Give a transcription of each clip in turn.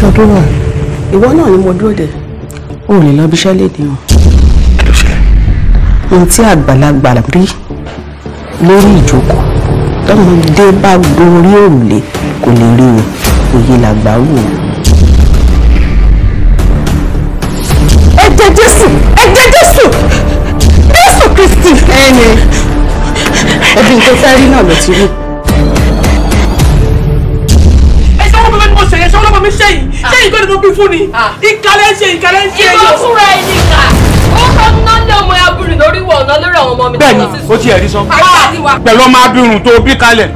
tó dúró ìwọ náà ni mo dúró dè o ò ní lọ bí iṣẹ́ léde o. kí ló ṣe. ohun tí àgbàlagbà rí lórí ìjókòó tọmọdé bá gorí òrùlé kò lè rí o òye làgbà wò ó. ẹ̀jẹ̀ jésù ẹ̀jẹ̀ jésù jésù kristi. ẹni ẹbí nǹkan sáré náà ló ti rí. mi ṣẹ́yìn ṣẹ́yìn kọ́ ni mo bí fún ni ah. ìkàlẹ̀ ṣe ìkàlẹ̀ ṣe yìí. ìbọn fúnra ẹ̀ nìkà ó kọ́ ní náà lé ọmọ abirùn lórí wọ̀ ọ̀nà lórí àwọn ọmọ mi. bẹ́ẹ̀ni ó ti ẹ̀rí sọ pẹ̀lú ọmọ abirùn tó bí kalẹ̀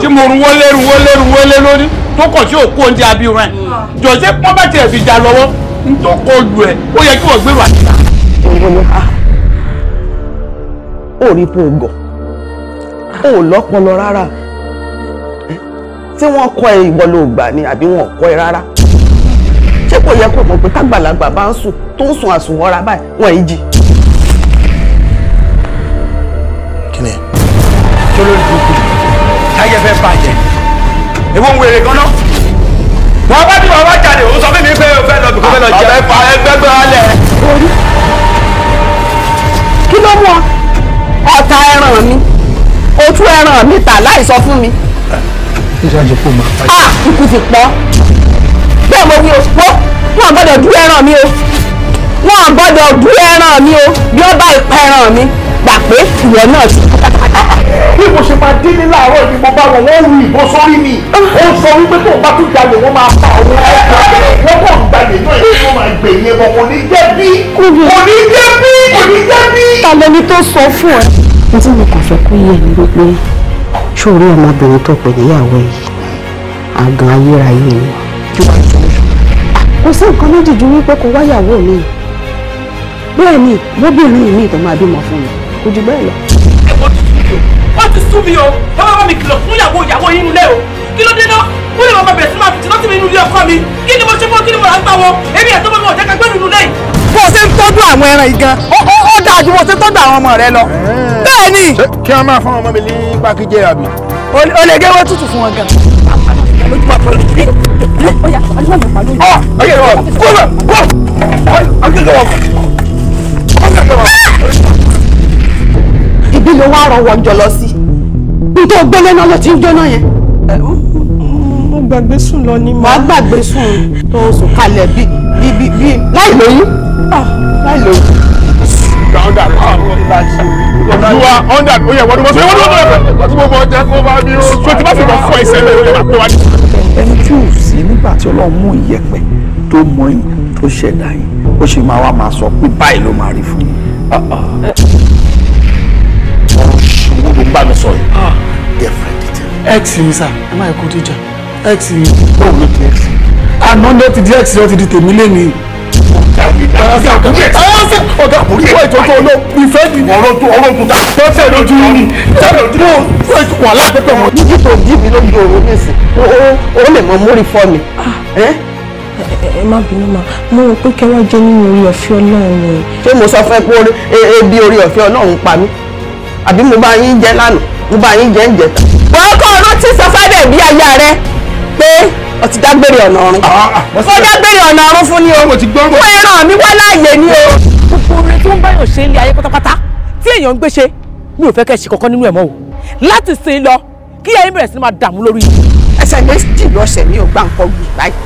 tí mo rún wọlé rún wọlé rún wọlé lórí tó kọ̀ tí ò kó oúnjẹ abirùn ẹ̀ hmm. jọ̀ọ́sẹ̀ pọ́n bá tiẹ̀ fi jà lọ́wọ́ n tó kọ lù ẹ̀ ó yẹ kí wọ́n gbèrò àtìlá. Ah. ó rí pé o gọ̀ ó lọ́pọlọ rárá tí wọ́n kọ́ ẹ ìwọ ló gbà ni àbí wọn kọ́ ẹ rárá ṣé kò yẹ kó mọ̀ pé tágbàlagbà bá ń sùn tó ń sùn àsùnwọ́ra báyìí wọ́n yìí jí. kíni. tó ló ń dùn kù táyé fẹ́ bàjẹ́ ewu ń wèrè gan-an bá tí wọn bá jáde òun sọ fún mi pé o fẹ́ lọ bìkọ́ fẹ́ lọ jẹ. àbẹ̀fà ẹgbẹ́ gbẹ́ alẹ̀. orí kí ló mú ọ ọ̀tá ẹran mi ojú ẹran mi tà láì fún mi ìṣàjẹ́ kó máa bá yìí. ikú ti pọ̀ bẹ́ẹ̀ mo wí òṣùpọ̀ wọn gbọ́dọ̀ dúró ẹran mi o wọn gbọ́dọ̀ dúró ẹran mi o bí ó bá ìpa ẹran mi gbà pé ìwọ náà ti bí mo ṣe máa délé láàárọ̀ ni mo bá wọn wọ́n ru ìbọn sórí mi ó ah. sọ wípé tó bá tún jalè wọ́n máa pa àwọn ọkọ̀ wọ́n kàn gbalè náà èyí tó máa gbè yẹn bọ̀ kò ní jẹ́ bí kò ní jẹ́ bí kò ní jẹ́ bí. ta lẹni tó sọ fún ẹ. mo ti mọ kàn fẹ́ kó yé ẹni gbogbo ṣòro ọmọbìnrin tó pè níyàwó yìí àgàn ayérayé ni kò sí nǹkan méjì ju wípé kò wáyàwó mi bẹ́ẹ̀ ni lóbìnrin mi tó máa bímọ fún mi kò jù bẹ́ẹ̀ lọ. wọ́n ti sún mi o wọ́n bá mi kìlọ̀ fún ìyàwó ìyàwó yín nílé o kí ló dé náà wọ́n lè máa bẹ̀rẹ̀ sí máa fi tìlọ́sí mi nínú ọkọ mi kí ni mo ṣe fún kí ni mo rà ń gbà wọ dáa ju wọ́n ṣe tọ́jú àwọn ọmọ rẹ lọ. Eh. bẹ́ẹ̀ ni. kí wọ́n máa fún ọmọ mi ní pákíjẹ́ àbí. o lè gé owó tútù fún wọn gan. ibi ló wá rọwọ jọ lọ sí nítorí gbẹlẹ náà ló ti ń jóná yẹn. mo gbàgbé sùn lọ ní ma. wàá gbàgbé sùn tó sùn kalẹ̀ bíi bíi láì lóyún. Ah, láì lóyún under olúwa under oyè wọ́n wọ́n wọ́n wọ́n wọ́n tí mo mọ̀ jẹ́ kó bá mi o. so tí bá fi mọ̀ fún ẹsẹ̀ lẹ́yìn lẹ́yìn àpẹwà ní. ẹni tí ò sí nígbà tí ọlọ́run mú ìyẹ̀pẹ̀ tó mọ yín tó ṣẹ̀dá yín ó sì máa wá máa sọ pé báyìí ló máa rí fún yín. ọ̀rọ̀ ṣòwò ló ń bá mi sọ yìí. x ni sá ẹ má yẹ kó tó jà x ni. báwo ló ti x. àná ló ti di x ló ti di tèmi lé mi ọ̀gá kò rí ìwé ìtọ́jú olóògùn ìfẹ́ ni. ọ̀rọ̀ tó ọ̀rọ̀ tó ta. tọ́sẹ̀ lójú yín ni. tọ́sẹ̀ lójú yín ni. wà lápẹ́pẹ́ wọn. jíjí tó jí mi lójú oorun nísìn o lè mọ mórí fọ́ mi. ẹ má bínú ma mo rò pé kẹwàá jẹ nínú orí ọ̀fẹ́ Ọlọ́run ni. ṣé mo sọ fẹ́ pé ebi orí ọ̀fẹ́ Ọlọ́run pa mí àbí mo bá yín jẹ lánàá mo bá yín jẹ ń jẹta. wọ́n kọ́ ọ rántí sọ fádẹ̀ bí aya rẹ pé o ti dágbére ọ̀nà ọ̀run ah, ah, mo dágbére ọ̀nà ọ̀run fún ni o fún ẹran mi wá láàyè ni o. gbogbo orin tó ń báyọ̀ ṣe ń lé ayé pátápátá tí èèyàn ń gbé ṣe mi ò fẹ́ kẹ́ ṣe kankan nínú ẹ̀ mọ́ o láti sin lọ kí ẹ̀yin bẹ̀rẹ̀ sí máa dààmú lórí. ẹsẹ̀ méjì lọ́sẹ̀ mi ò gbà nǹkan gbì báyìí.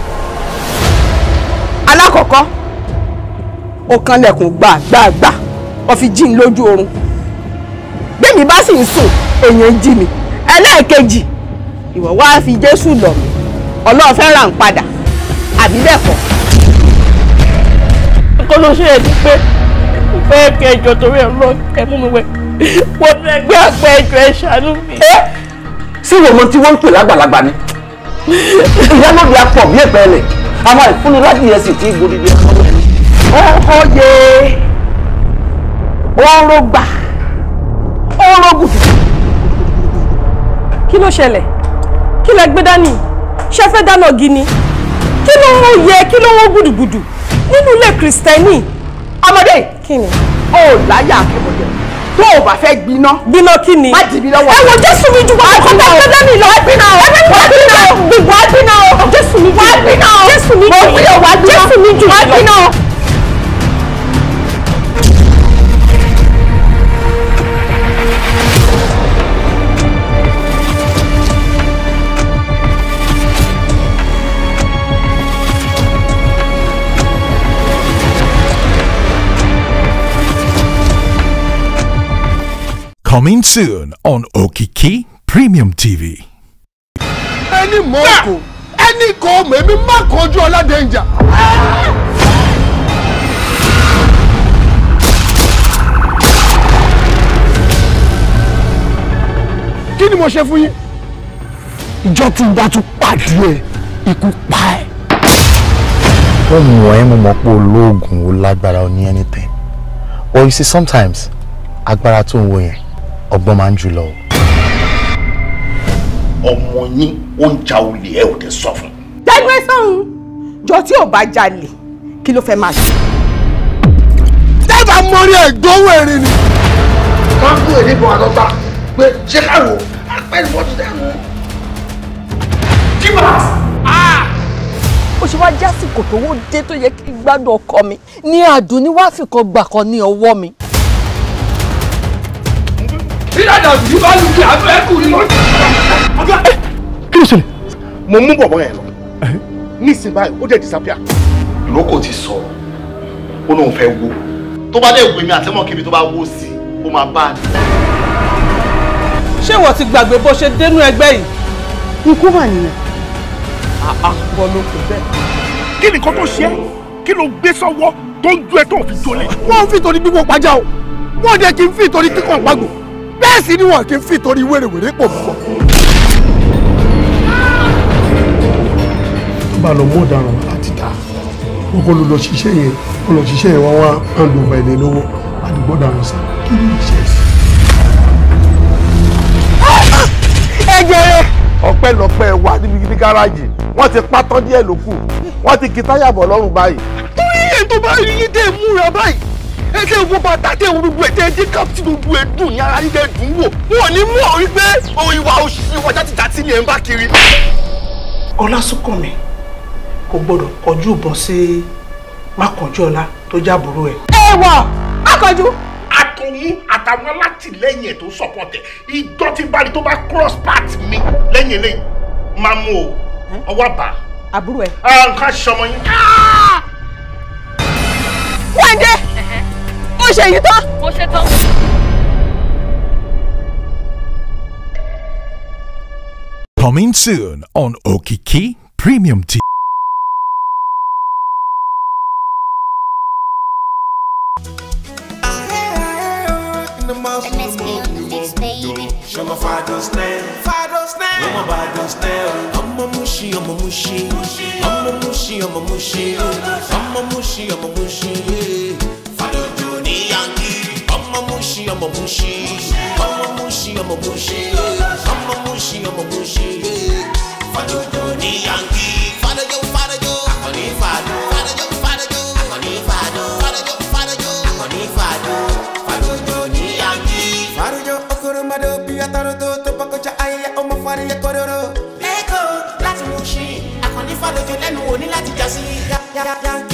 alákọ̀ọ́kọ́ ó kanlẹ̀kùn gbàgbàgbà wọ́n fi jí n lójú oorun gbẹ̀mí bá sì ń sùn èèyàn jí mi ẹlẹ́ẹ̀kejì ìwọ wá fi Jésù lọ̀ mí ọlọ́run fẹ́ ràn padà àbí bẹ́ẹ̀ kọ́. kó ló ṣe èdè pé fẹ́ kẹjọ torí ẹ̀ lọ kẹ mú mi wẹ̀ mo fẹ́gbẹ́ àpẹ ẹjọ ẹ ṣàánú mi. ṣé ìwọ ọmọ tí wọ́n ń pè lágbàlagbà ni ìyá náà bí a pọ̀ bí ẹ̀pẹ́ rẹ̀ àwọn ìfúnni láti yẹn sì ti gbòdì bí ọmọ rẹ̀. ọkọ yẹ ọ̀rọ̀ gbà ọ̀rọ̀ gùn. kí ló ṣẹlẹ̀ kí lẹ gbé dání ṣe fẹ́ dáná gini kí ló ń yẹ kí ló ń wọ́n gbùdùgbùdù nínú ilé kìrìsìtẹ́nì. ọmọdé kí ni. o láyà akẹ́kọ̀ọ́ tó o bá fẹ́ gbiná. gbiná kí ni. má jìbí lọ́wọ́. ẹ wo jésù mi ju gbogbo kọ́ńtà ìtọ́jú mi lọ. ẹ gbiná o. ẹ gbiná o. Coming soon on Okiki Premium TV. Any mọ̀ any ẹni maybe mọ̀ èmi má kojú Ọládẹ́njà. Kí mo ṣe fún yín? Ìjọ tí n bá tún pàdé ẹ̀, ikú pa ẹ̀. Wọ́n mú ẹ mú mọ́ pé olóògùn ó lágbára ó ní anything. But you see sometimes agbára tó ń wo yẹn ọgbọ́n máa ń jù lọ. ọmọ yín ó ń ja olè ẹ ò dé sọ fún. dájú ẹ sọrun jọ tí ò bá jalè kí ló fẹ́ máa ṣe. dábàá mọ́rí ẹ̀ dánwò erin ni. wọ́n kú èdè bọ̀ àlọ́gbà pé ṣé káwọ́ apẹ́rẹ́ wọ́n ti dẹ́nu. kíbàs. ó ṣe wáá jásìkò tó wó dé tó yẹ kí gbádùn ọkọ mi ní àdùn ní wàá fìkan ní ọwọ́ mi sílẹ̀dà òjú bá lu kí abẹ́ kù ni. kí ló ṣẹlẹ̀. mo mú bọ̀bọ̀ yẹn lọ nísìnyí báyìí ó dẹ̀ disappear. ìrókò ti sọ ó lóun fẹ́ wo tó bá dẹ̀ wé mi àtẹ́mọ̀ kébi tó bá wó sí i ó máa bá a. ṣé ìwọ ti gbàgbé bó ṣe dénú ẹgbẹ́ yìí. ikú mà nìyẹn. àpọ̀ ah, ah, ló kò bẹ́ẹ̀. kí ni nǹkan tó ṣe é kí ló gbé sọ́wọ́ tó ń ju ẹ tó fi jolè. wọ́n ń fi torí gbígbó pàjá o wọ́n dẹ̀ kí n fi torí kíkọ̀ pàgbò bẹ́ẹ̀ sì ni wọn kì í fi torí wèrèwèrè pò púpọ̀. tó bá lọ mú ọ̀daràn láti ta wọn kò lọ lọ ṣiṣẹ́ yẹn wọn lọ ṣiṣẹ́ yẹn wọn wá hand over ẹni lọ́wọ́ àdúgbò ọ̀daràn sá kí ni iṣẹ́ sí. ẹ jẹrẹ. ọpẹ́ lọpẹ́ wà níbi ní gáràjì wọ́n ti pátán díẹ̀ lókù wọ́n ti kí táyà bọ̀ lọ́rùn báyìí. torí ẹ̀ tó bá rí yín tẹ̀ múra báyìí ẹ tẹ wo bàtà tẹ wo gbogbo ẹ tẹ dé kápítì gbogbo ẹ dùn ní ara yíyẹ dùn wò wọn ò ní mú ọ wípé òun ìwà òṣìṣẹ́ ìwà játijàti ni ẹ ń bá kiri. ọlásùnkànmí kò gbọdọ̀ kọjú ìbọn sí mákànjọ́lá tó jábùrú ẹ̀. ẹ wọ akọjú. àtòun àtàwọn alátìlẹyìn ẹ tó sọpọtẹ ìjọ tí báyìí tó bá cross path mi lẹ́yìn eléyìí máa mú o ọwọ́ bá. àbúrò ẹ. nǹkan ṣọmọ yín. Ah! wọ́n dé. ṣe yìí tán. mo Coming soon on Okiki Premium TV. I'm a I'm a I'm a I'm a I'm a I'm a Mushi, ọmọ Mushi, ọmọ Mushi, ọmọ Mushi, ọmọ Mushi, Mushi. Fadojo ni yangi. Fadojo fadojo. Akọni fado. Fadojo fadojo. Akọni fado. Fadojo fadojo. Akọni fado. Fadojo ni yangi. Fadojo okoro mado bi ataro to to pakoja ayẹyẹ ọmọ fariya Mushi, akọni fadojo lẹ́nu òní láti jà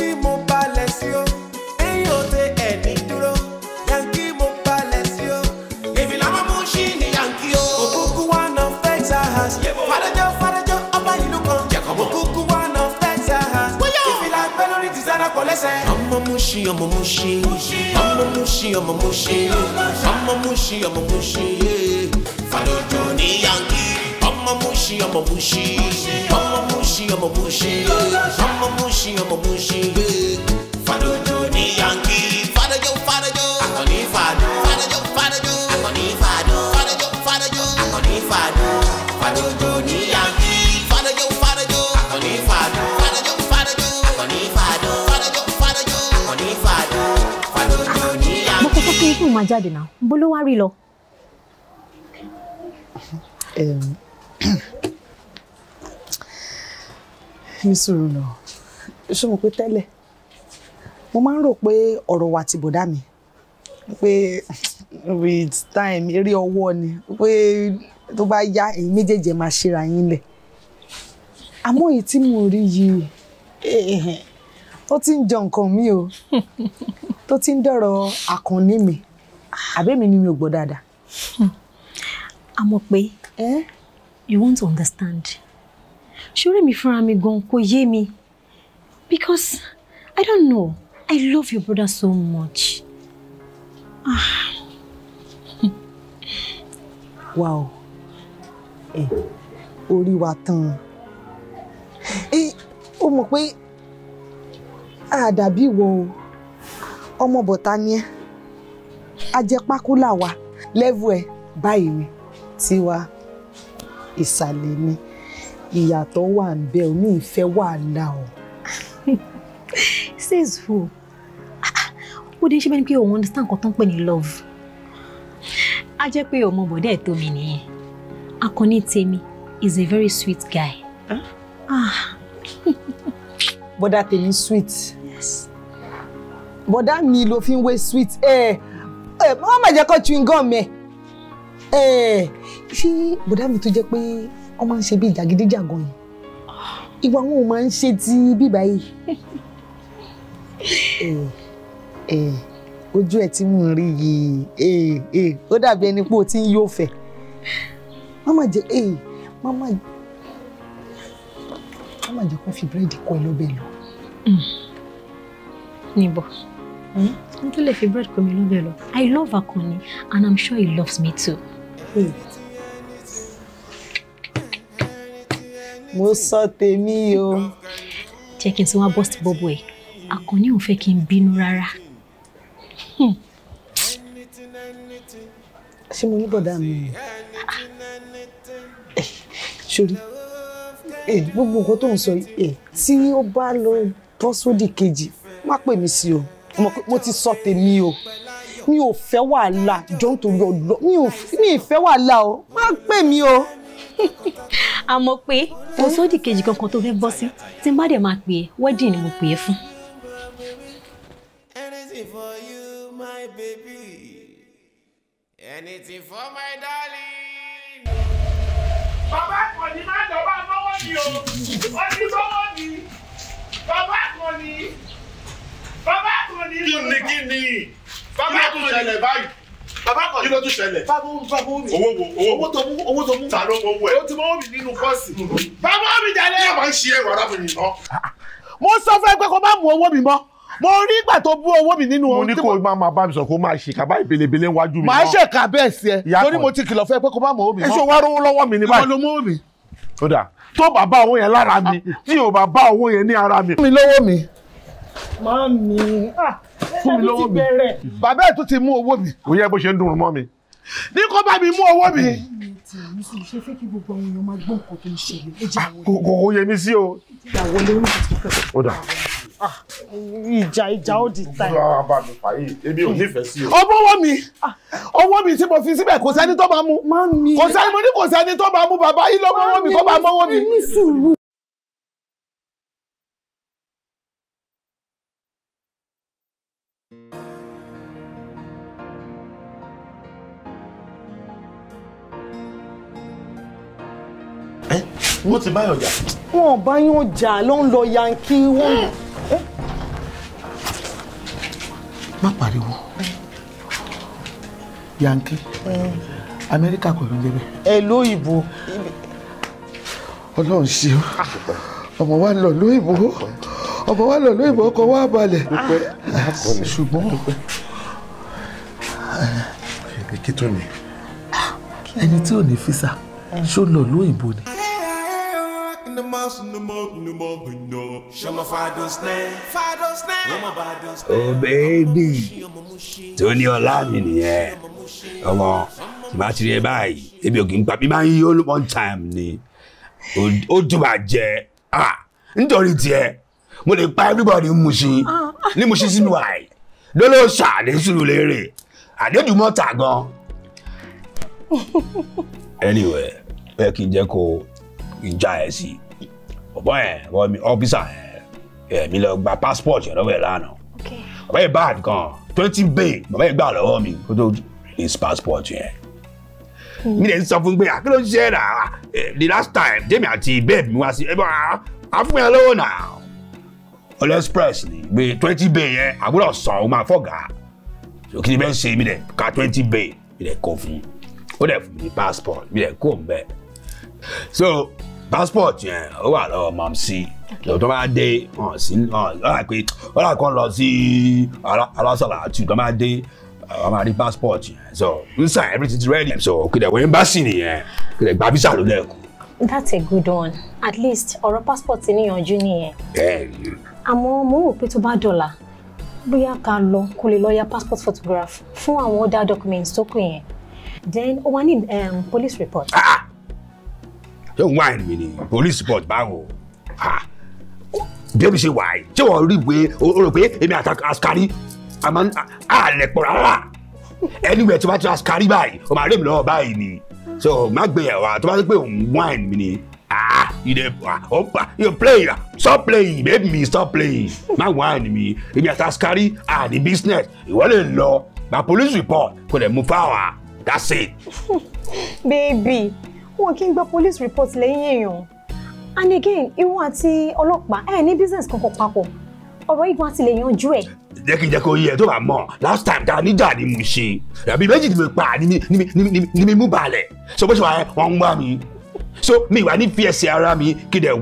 I'm a mushi, I'm a mushi, I'm a mushi, I'm a mushi, I'm a mushi, I'm a mushy. Follow Johnny Yankee. I'm a mushi, I'm a mushi, I'm a mushi, I'm a mushi, I'm a mushy, I'm a mushy. Follow Johnny Yankee. pé òun máa jáde náà bó ló wá rí lọ. ní sùúrù náà ṣé mo pé tẹ́lẹ̀ mo máa ń rò pé ọ̀rọ̀ wa ti bọ̀dá mi pé with time eré ọwọ́ ni pé tó bá yá ẹ̀yin méjèèjì máa ṣera yín lẹ̀ àmọ́ èyí tí mo rí yìí eh, eh, eh, ó ti ń jọ nǹkan mi o tó ti ń dọ̀rọ̀ àkànní mi àbẹ́mi ni mi ò gbọ́ dáadáa. Hmm. a mọ̀ pé you won't understand ṣoré mi fúnra mi gan kò yé mi because I don't know I love your brother so much. Ah. wow ẹ orí wa tán ẹ ó mọ̀ pé àdàbí wo ọmọ bọ̀tá ni ẹ́ ajẹpákúlà wa lẹ́vù ẹ̀ báyìí ni tiwa ìsàlẹ̀ ni ìyàtọ̀ wà ń bẹ ò ní ìfẹ́ wàhálà o. says who ó dé ṣe bẹ́ẹ̀ pé òun understand nǹkan tó ń pè ní love á jẹ́ pé ọmọ bọ̀dẹ́ tó mi nìyẹn akọni tèmi is a very sweet guy. Ah. bọ́dà tèmi sweet bọ̀dá mi ló fi ń wé sweet ẹ ẹ wọ́n má jẹ́ kó chewing gum ẹ ẹ ṣé bọ̀dá mi tó jẹ́ pé wọ́n máa ń ṣe bí jàgídíjàgan yìí ìwà wọn ò máa ń ṣe ti bíbá yìí ẹ ẹ ojú ẹ tí mò ń rí yìí ẹ ẹ ó dàbí ẹni pé o ti ń yóò fẹ́ mama jẹ ẹ mama mama jẹ kó fi búrẹ́dì kọ ẹ lọ́bẹ̀ lọ. Hmm. níbo. Mm n tó lè fi bread pè mí lọ́bẹ̀ I love Akoni, eh? and I'm sure he loves me too. Hmm. mo sọ tèmi o. jẹ́ kí n tún wá bọ́ sí bọ́bọ̀ ẹ̀ Akanni ò fẹ́ kí n bínú Eh, ṣé mo ní bọ̀dá mi eh, sórí eh, gbogbo nǹkan tó ń sọ yìí tí ó bá lọ mo ti sọ tèmi o mi ò fẹ́ wàhálà jọ nítorí ọlọ mi ò mi ìfẹ́ wàhálà o má pè mí o. àmọ́ pé kò hmm? sódì kejì kankan tó fẹ́ bọ́ sí tí n dẹ̀ máa pè é wedding ni mo pè é fún. anything for my baby anything for my darling. bàbá àkànní máa ń lọ bá mọ́wọ́ ni o ó ní mọ́wọ́ ni bàbá àkànní bàbá kan ni. kí ni kí ni. bàbá kan ni. kí ló tún ṣẹlẹ̀ báyìí. bàbá kan ni. kí ló tún ṣẹlẹ̀. bàbá wo bàbá wo mi. owó wo owó wo. owó tó mú owó tó mú. ta ló mọ owó ẹ. o ti mọ owó mi nínú kọ́ọ̀sì. Mhm. bàbá mi jalè. yóò máa ń ṣe ẹwà arábìnrin náà. Ah, ah. mo sọ fún ẹ pé kó má mú owó mi mọ́ mo rí ìgbà tó bú owó mi nínú ohun tí mo. mo ní kó máa máa bá mi sọ kó máa ṣe kaba ìbelebele wájú mi. màá ṣe kà bẹ́ẹ̀ sí ẹ torí mo ti kìlọ̀ fún ẹ pé kó má mọ omi mọ́. èso wá rówó lọ́wọ́ mi ní báyìí. ìwọ ló mú omi. ó dà tó bàbá owó yẹn lára mi ah. tí ò bàbá owó yẹn ní ara mi. mi lówó mi. Mami, ah, fún mi lọ́wọ́ mi. Bàbá ẹ̀ tún ti mú owó mi. Kò yẹ bó ṣe ń dùn mọ́ mi. Ní kó bá mi mú owó mi. Ṣé fẹ́ kí gbogbo àwọn èèyàn máa gbọ́ nǹkan tó ń ṣẹlẹ̀? Kò yẹ mi sí o. Ìyàwó lórí ìtọ́kẹ́. Ó dà ah, ìjà ìjà ó di ta ẹ. èmi ò nífẹ̀ẹ́ sí o. ọwọ́ ọwọ́ mi ọwọ́ ah. mi tí mo fi síbẹ̀ kò sẹ́ni tó máa mú kò sẹ́ni mo ní kò sẹ́ni tó máa mú bàbá yìí lọ́wọ́ mi tó máa mọ́wọ́ mi. wọ́n ti báyọ̀ jà. wọn ò báyọ̀ jà ló ń lọ yankí wọn. má pariwo yankí amẹ́ríkà kò ní débẹ̀. ẹ lóyìnbó. ọlọ́run ṣe o ọmọ wa lọ lóyìnbó ọmọ wa lọ lóyìnbó ọkọ wa balẹ̀ ṣùgbọ́n kí tó ni ẹni tí ò ní fisa ṣó lọ lóyìnbó ni. Oh baby, Tóníọlá mi nìyẹn, ọmọ ìbá ti rí ẹ báyìí, ebi ògì ń pa mi máa ń yí all one time ni, ó dùn bá jẹ, nítorí tiẹ̀, mo lè pa everybody ń muṣin, ní muṣin sínú àì, lọ́lọ́ ṣàdé sùúrù léèrè, àdéjùmọ́ta gan. Anyway, ẹ kì í jẹ́ kó ìjà ẹ̀ sí i bọ̀bọ̀ mi ọ́fíìsà ẹ̀ mi lọ gba passport yẹn ẹ̀ lánàá bàbá yẹn bad gan twenty bay bàbá yẹn gbà lọ́wọ́ mi kó tó release passport yẹn hmm. mi lè sọ fún pé kí ló ń náà the last time tèmi àti babe mi wá sí ẹbọ àfún yẹn lọ́wọ́ náà ọlọ express ni gbé twenty bay yẹn àbúrò sàn ó máa fọ̀gà so ni bẹ́ẹ̀ ṣe mi lè ka twenty bay mi lè kó fún ó dẹ̀ fún mi passport mi lè kó n so passport yẹn ó wà lọ́wọ́ mọ̀mísí tó bá dé hàn sí lọ́la pé lọ́la kan lọ sí alásàlà àti tó bá dé àwọn máa rí passport yẹn so n sign everything is ready so kìdẹ̀ wọ embassy nìyẹn kìdẹ̀ gba visa ló lẹ́kù. that's a good one at least ọ̀rọ̀ passport ti níyànjú nìyẹn. bẹ́ẹ̀ni. àmọ́ mo rò pé tó bá dọ̀la bóyá ká lọ kó lè lọ ya passport photograph fún àwọn other documents tó kù yẹn then ó need ní um, police report. Ah! ah ṣé òun wáìnì mi ni police report báwo bí èmi ṣe wà yìí ṣé wọ́n rí pé o rò pé èmi àtàkárí àmọ́ àlẹ́ pọ̀ rárá anywhere tí wọ́n ti àkárí báyìí o máa rí mi lọ́wọ́ báyìí ni so má gbé yẹn wá tó bá ṣe pé òun wáìnì mi ni ah you dey play ah stop playing baby me stop playing má wáìnì mi èmi àti àkárí ah the business ìwọ lè lọ na police report kò lè mú fáwọn that's it. baby wọn kì í gba police report lẹ́yìn èèyàn and again ìwọ àti ọlọ́pàá ẹ̀ ní business kankan papọ̀ ọ̀rọ̀ igun àti lè yanjú ẹ̀. jẹ́ kí n jẹ́ kó yẹ tó bá mọ̀ last time tá níjà ni mo ṣe àbí méjì ni mo pa ni mi mú balẹ̀ so bó ṣe wà ẹ́ wọ́n ń wá mi so mi wà ní fi ẹsẹ̀ ara mi kí dẹ̀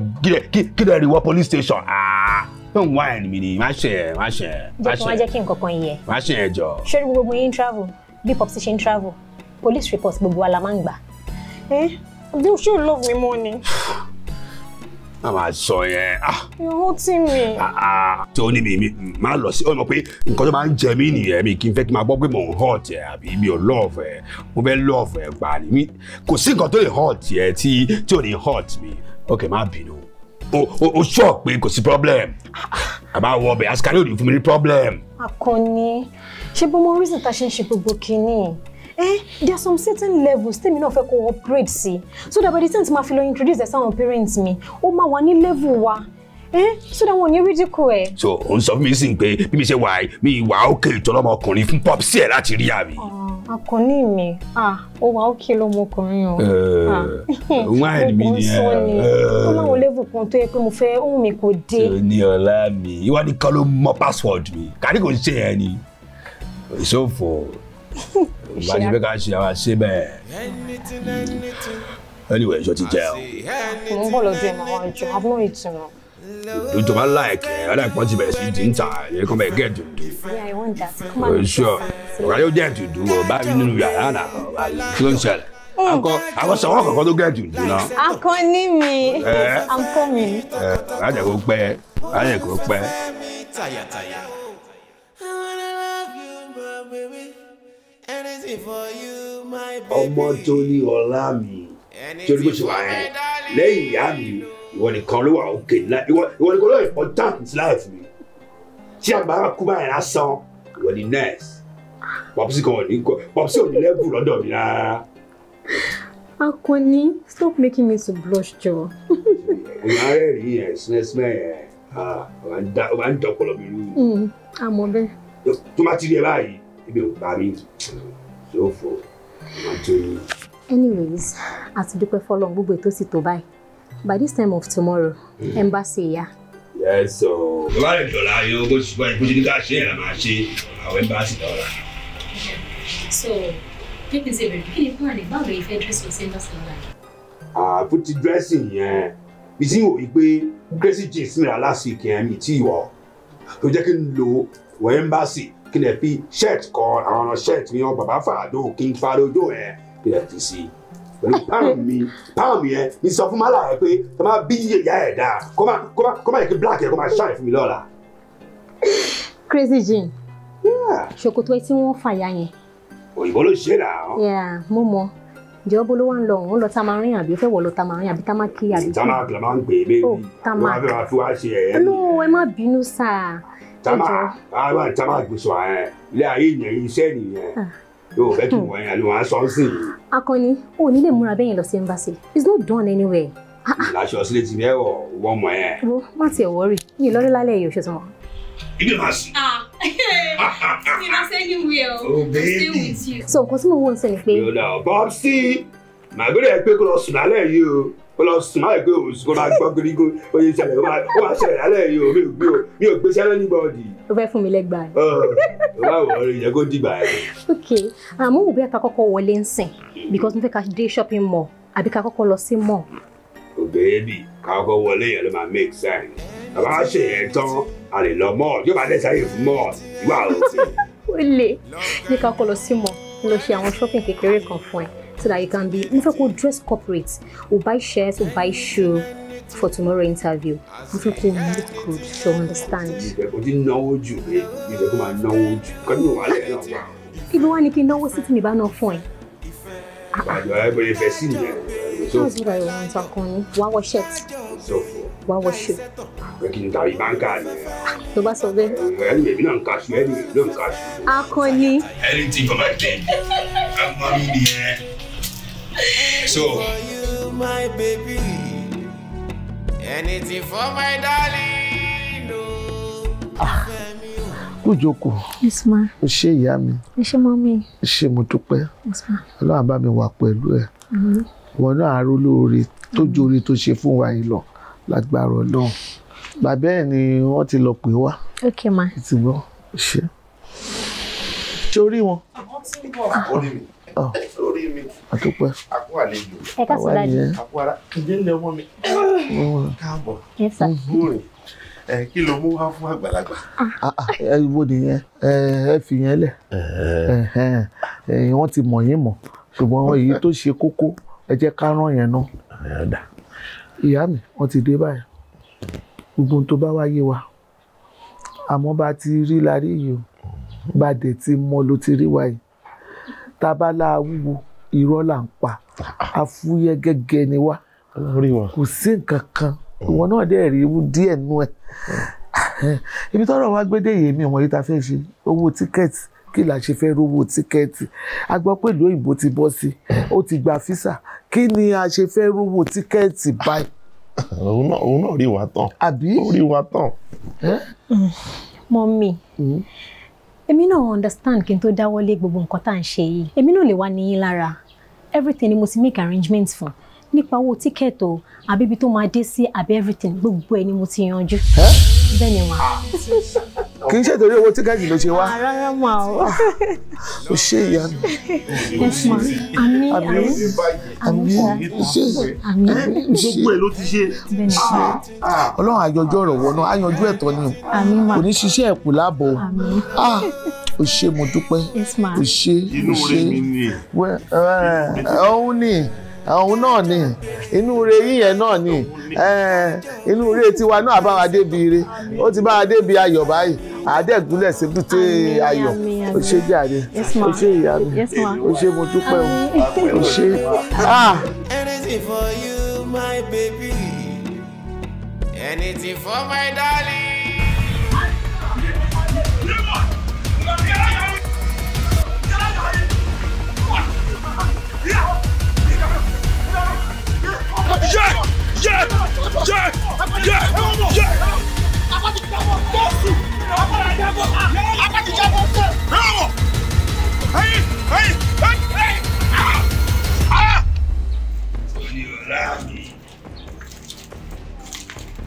kí dẹ̀ rìwọ́ police station Ah, ń wá mi ni má ṣe ẹ̀ má ṣe ẹ̀ má ṣe ẹ̀ jẹ́ kí wọ́n jẹ́ kí n kankan yẹ má ṣe ẹ̀ jọ. ṣé gbogbo yín travel bí pop ṣe ń travel police report gbogbo wa la Eh? You sure love me money. ni. a máa sọ yẹn. Ah. ìhó tí mi. Ah, ah. tí ó ní mi mi máa lọ sí ọmọ pé nǹkan tó máa ń jẹ mí nìyẹn mi kì í fẹ́ kí n máa gbọ́ pé mò ń hot ẹ̀ àbí mi ò love ẹ̀ mo fẹ́ love ẹ̀ gbà ní. kò sí nǹkan tó lè hot ẹ̀ tí tí ò ní hot mi ok má bínú o sọ pé kò sí problem àbá wọ ọbẹ̀ àsìkò àríwò ní fún mi ní problem. akọni ṣé bó mo rí sèta ṣe ń ṣe gbogbo kinní eh, there are some certain levels tèmi náà fẹ́ kó upgrade sí so that by the time tí màá fi lọ introduce ẹ̀ sáwọn parents mi ó máa wà ní level wa eh, so that wọn ò ní ridicule ẹ̀. so òun sọ fún mi sí pé bí mi ṣe wà á mi wà á òkè ìtọ́lọ́mọ ọkùnrin fún pop sí ẹ̀ láti rí àmì. akọni ah, mi ah, ó wà òkè lọmọkùnrin o. Eh, ah. eh, wáìnì mi ni ẹ eh, ó láwọn level kan tó yẹ pé mo fẹ́ ohun mi kò dé. ní ọ̀la mi ìwádìí nìkan ló mọ password mi kàdí kò ń ṣe yẹn ni for ìwádìí fẹ́ ká ṣe àwa ṣe bẹ́ẹ̀ anyway ṣó ti jẹ o. mo ń bọ̀ lójú like màá jù like. no eating o. Dùdú máa ń láìkẹ́ aláìpọ́n ti bẹ̀rẹ̀ sí ti ń tà ẹ̀ kọ́ bẹ̀ gẹ̀ dùdú. you ọ̀gá to do? dùdú you know rí are now. Don't kí ló I ṣẹlẹ̀? Akọ oh. àwọn sọ̀rọ̀ kankan tó to dùdú náà. Akọ ní mi, I'm coming. Rájà kò pẹ́, rájà kò pẹ́. Tayataya. I wanna love you, but baby ọmọ tó ní ọlá mi torí bó ṣe wà yẹn lẹ́yìn ìyá mi ìwọ nìkan ló wà òkè ńlá ìwọ nìkan ló important life mi tí àgbàrá kú báyìí lásán ìwọ ni nurse pọpsi kan ò ní kọ pọpsi ò ní lẹ́bù lọ́dọ̀ mi rárá. Akọni stop making me to blush jọ. Ìyá rẹ̀ rí yẹn sinẹ́sinẹ́ yẹn ah, ó máa ń dọ́pọ̀lọ́ mi rú. Àmọ́ mm, bẹ́ẹ̀. Tó má ti rí ẹ báyìí ebi ò parí ṣòfò wọn tó yín. anyways a ti dúpẹ́ fọlọ́n gbogbo ètò sì tó báyìí by this time of tomorrow mm. embassy ìyá. yes o. bàbá rẹ̀ dọ̀la yóò bó ṣe bó ṣe ní ká ṣe ẹ̀rọ máa ṣe àwọn embassy dọ̀la. so pépè ṣe bẹ̀rẹ̀ kí ni plan ẹ̀ báwo lè fẹ́ dress for say embassy dọ̀la. àpótí dressing yẹn bí tí wòye pé crazy jeans mìíràn last week yẹn mi tí wọ̀ tó jẹ́ kí n lo wọ embassy kílẹ̀ fi shirt kan àwọn shirt mi wọn bàbá fàdó kí n farojo ẹ̀ kílẹ̀ fi sí i pẹ̀lú páàmù mi páàmù yẹn mi sọ fún mọ́lá rẹ pé ẹ máa bí ìyá ẹ̀ dáa kó má kó má yẹ kí black yẹ kó má ṣàì fún mi lọ́la. crazy jean ṣòkòtò ẹ tí wọ́n fàyà yẹn. òyìnbó ló ṣe dà. mo mọ ǹjẹ́ bó ló wá ń lọ òun lọ tamarin àbí fẹ́ wọ̀ lọ tamarin àbí tamaki àbí. tamak la máa ń gbé e bébí wọn á fẹ́ wá fi wá ṣe ẹ̀yẹ́. olówó ẹ má bínú sáà tàmá àwọn tàmá gbèsò ẹ lé ayé yẹn iṣẹ́ nìyẹn ah. yóò fẹ́ kí wọ́n ló wá sọ sí akọni o ní lè múra bẹ́yẹn lọ sí embassy it's not done anywhere. ìlàṣọ ah, ah. sílẹ̀ ti bẹ́ẹ̀ wọ̀ wọ́n mọ̀ yẹn. wo má tiẹ̀ wọ́ọ̀rì mi lọ́dún lálẹ́ yìí ò tán. ibi máa sì. mi máa sẹ́yìn wí ẹ̀ o oh, stay with you. so nǹkan tí mo wọ́n ń sẹ́ni pé. yóò dà bọ́ọ̀sì màgbélé ẹ pé lọ sùn lálẹ́ yìí o ó lọ sùn máa gbé òsùn kó máa gbọ́ gbérígbó oye ṣẹlẹ̀ ó máa ṣẹlẹ̀ alẹ́ yìí o mi ò gbé o mi ò gbé sẹ́lẹ̀ ní bọ́ọ̀dì. ó fẹ́ fún mi lẹ́gbàá. ọ báwo ọ̀rẹ́ ìyẹn kó dìgbà yẹn. ok àmọ́ òbí ẹ̀ka kọ́kọ́ wọlé ń sìn because mo fẹ́ ká dé shopping mall àbí ká kọ́kọ́ lọ sí mall. òbẹ́ẹ̀bì ká kọ́kọ́ wọlé yẹn ló máa make sense bàbá ṣe yẹn tán a lè lọ mall yóò bá dẹ́sẹ̀ yẹn shopping kékeré kan fún so that you can be mo fẹ́ kó dress corporate o buy shirt o buy shoe for tomorrow interview mo fẹ́ kó look good so understand. o ti náwó jù ní ìgbẹ́ kó máa náwó jù kọ́ nínú wàhálà náà wà. ibi wá ni kí n náwó sí tí mi bá náà fún ẹ. àjọ ẹgbẹ́ yẹn fẹ́ sí ìyẹn. that's what I want akunni wá wọ shirt wá wọ shoe. pé kí n ta ìbáǹkà ni. ló bá sọ bẹ́ẹ̀. ẹni èmi náà ń kaṣu ẹni èmi náà ń kaṣu. akunni. ẹni tí kò máa dé ọmọ mi nìyẹn so. For you, my baby. Anything for my darling. No. Ah. kú jókòó. yes ma. o ṣé ìyá mi. ẹ ṣé mọ́mí. ẹ ṣé mo dúpẹ́. yes ma. ọlọ́run bá mi wà pẹ̀lú ẹ̀. Mm-hmm. ìwọ náà aró lóore tó jóore tó ṣe fún wa yìí lọ lágbára ọlọ́run. bàbá ẹ̀ ni wọ́n ti lọ pè wá. ok ma. ti gbọ́ ṣe. ṣé o rí wọn. àwọn tí ń bọ̀ wọ́n ah. rí mi. Ah. lórí mi àdúpẹ́ àkó àlejò ẹ ká sọ dájú àkó ara ǹjẹ́ ní ọmọ mi ah. káàbọ̀ bóòrè mhm. ẹ kí ló mú wá fún àgbàlagbà. Ah. ẹ wo nìyẹn ẹ fi yẹn lẹ wọ́n ti mọ̀ yín mọ̀ ṣùgbọ́n èyí tó ṣe kókó ẹ jẹ́ ká rán yẹn náà ìyá mi wọ́n ti dé báyìí gbogbo tó bá wáyé wa àmọ́ bá ti rí la rí yìí o bá dẹ̀ ti mọ̀ ló ti rí wa tábàlà wúwo irọ́ là ń pa ah. afúyẹ́ gẹ́gẹ́ ni wá kò sí nǹkan kan hmm. ìwọ náà dẹ̀ rí ewu díẹ̀ nú ẹ̀ hmm. ibi tọ́rọ̀ wá gbé dé yèémí ọmọ yìí ta fẹ́ ṣe owó tíkẹ́ẹ̀tì kí la ṣe fẹ́ rówó tíkẹ́ẹ̀tì a gbọ́ pé ìlú òyìnbó ti bọ́ sí ó ti gba físà kí ni a ṣe fẹ́ rówó tíkẹ́ẹ̀tì báyìí. òun náà rí wa tán àbí ó rí wa tán. Mm. mọ́mì hmm èmi náà understand kí n tó dáwọ́lé gbogbo nǹkan tá à ń ṣe yìí èmi náà lè wá níyín lára everything ni mo ti make arrangement fún nípa owó tíkẹ́ẹ̀tì o àbí ibi tó máa dé sí àbí everything gbogbo ẹ ni mo ti yanjú. bẹ́ẹ̀ ni wà. kì í ṣe torí owó tíkẹ́ẹ̀tì ló ṣe wá. rárá mà ó. o ṣe ìyanu. ẹ fún àmì àmì àmì ṣe àmì ṣe gbogbo ẹ ló ti ṣe. ọlọ́run àyọjọ́ ọ̀rọ̀ wọnú àyànjú ẹ̀tọ́ ni o kò ní ṣiṣẹ́ ẹ̀kú láàbọ̀ o o ah, ṣe mo dúpẹ́ o ṣe o ṣe òun ni òun náà ni inú re yíyẹn náà ni inú re tiwa náà bá débi ire ó ti bá débi ayọ̀ báyìí àádẹ́gúnlẹ̀ sébùté ayọ̀ ó ṣe jáde ó ṣe ìyá ó ṣe mo dúpẹ́ o ó ṣe. anything for you my baby anything for my darling. Yeah! Yeah! Yeah! Yeah! Yeah! Yeah!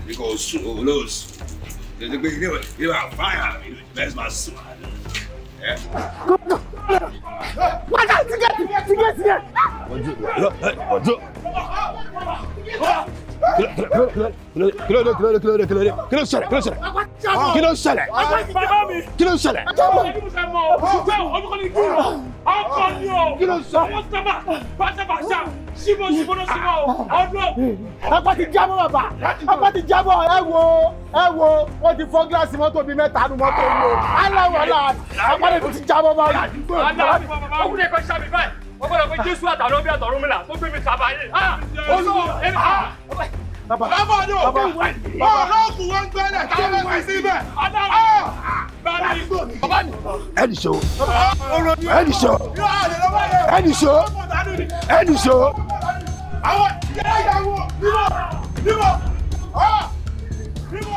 Because those, the big deal, you kí ló dé kí ló dé kí ló dé kí ló dé kí ló ṣẹlẹ̀ kí ló ṣẹlẹ̀ kí ló ṣẹlẹ̀ kí ló ṣẹlẹ̀. ọkọ ni o kí ló ṣẹlẹ̀ ọwọ́ sábà pàṣẹpàṣà síbò síbò ló síbò ọdún. apá ti jábọ̀ bàbá apá ti jábọ̀ ẹ wo ẹ wo wọ́n ti fọ́ gíláàsì mọ́tò bíi mẹ́ta nu mọ́tò yìí o aláwọ̀ ọ̀la apá ti jábọ̀ bàbá. ọkùnrin kan ṣàbí báyìí wọ́n gbọ́dọ̀ pé jésù àtàlọ́ bí àtọ̀rún mi là tó gbé mi kaba yìí. olúwo èmi à. bàbá ọdún ọlọ́ọ̀kù wọn gbẹ́lẹ̀ kí ẹ fi síbẹ̀. ẹnì so ẹnì so ẹnì so ẹnì so. àwọn ìyá ìyàwó bímọ bímọ bímọ.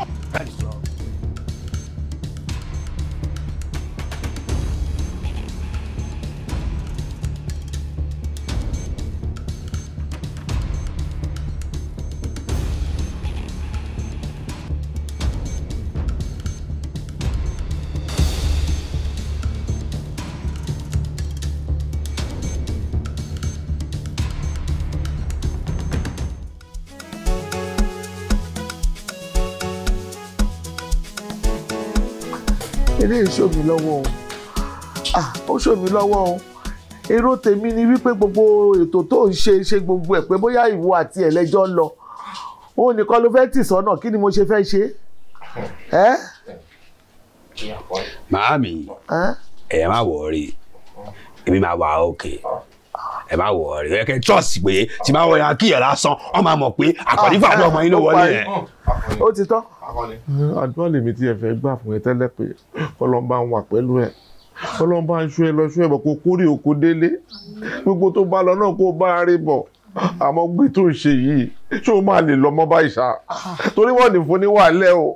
eléyìí ṣò mí lọ́wọ́ o ah ó ṣò mí lọ́wọ́ o èrò tèmi ni wípé gbogbo ètò tó ń ṣe ṣe gbogbo ẹ̀ pé bóyá ìwọ àti ẹ̀lẹ́jọ́ lọ òun nìkan ló fẹ́ tì sọ́nà kí ni mo ṣe fẹ́ ṣe ẹ́. màámi ẹ má wọrí èmi máa wà ókè ẹ má wọrí ẹ kẹ trọ́ọ̀sì pé tí bá wọrí akíyàn lásán ọ máa mọ̀ pé àkànnífà ọmọ yín ló wọlé ẹ. ó ti tán akọni. àdúrà lèmi tí ẹ fẹ́ gbà fún ẹ tẹ́lẹ̀ pé kọ́lọ́mbà ń wà pẹ̀lú ẹ kọ́lọ́mbà ń ṣú ẹ lọ ṣú ẹ bọ̀ kó kórè oko délé gbogbo tó bá lọ náà kó bá a rí bọ̀ àmọ́ gbé tó ṣe yìí ṣé o máa lè lọ mọ́ báyìí ṣá torí wọ́n ní fún ní wàhálẹ́ o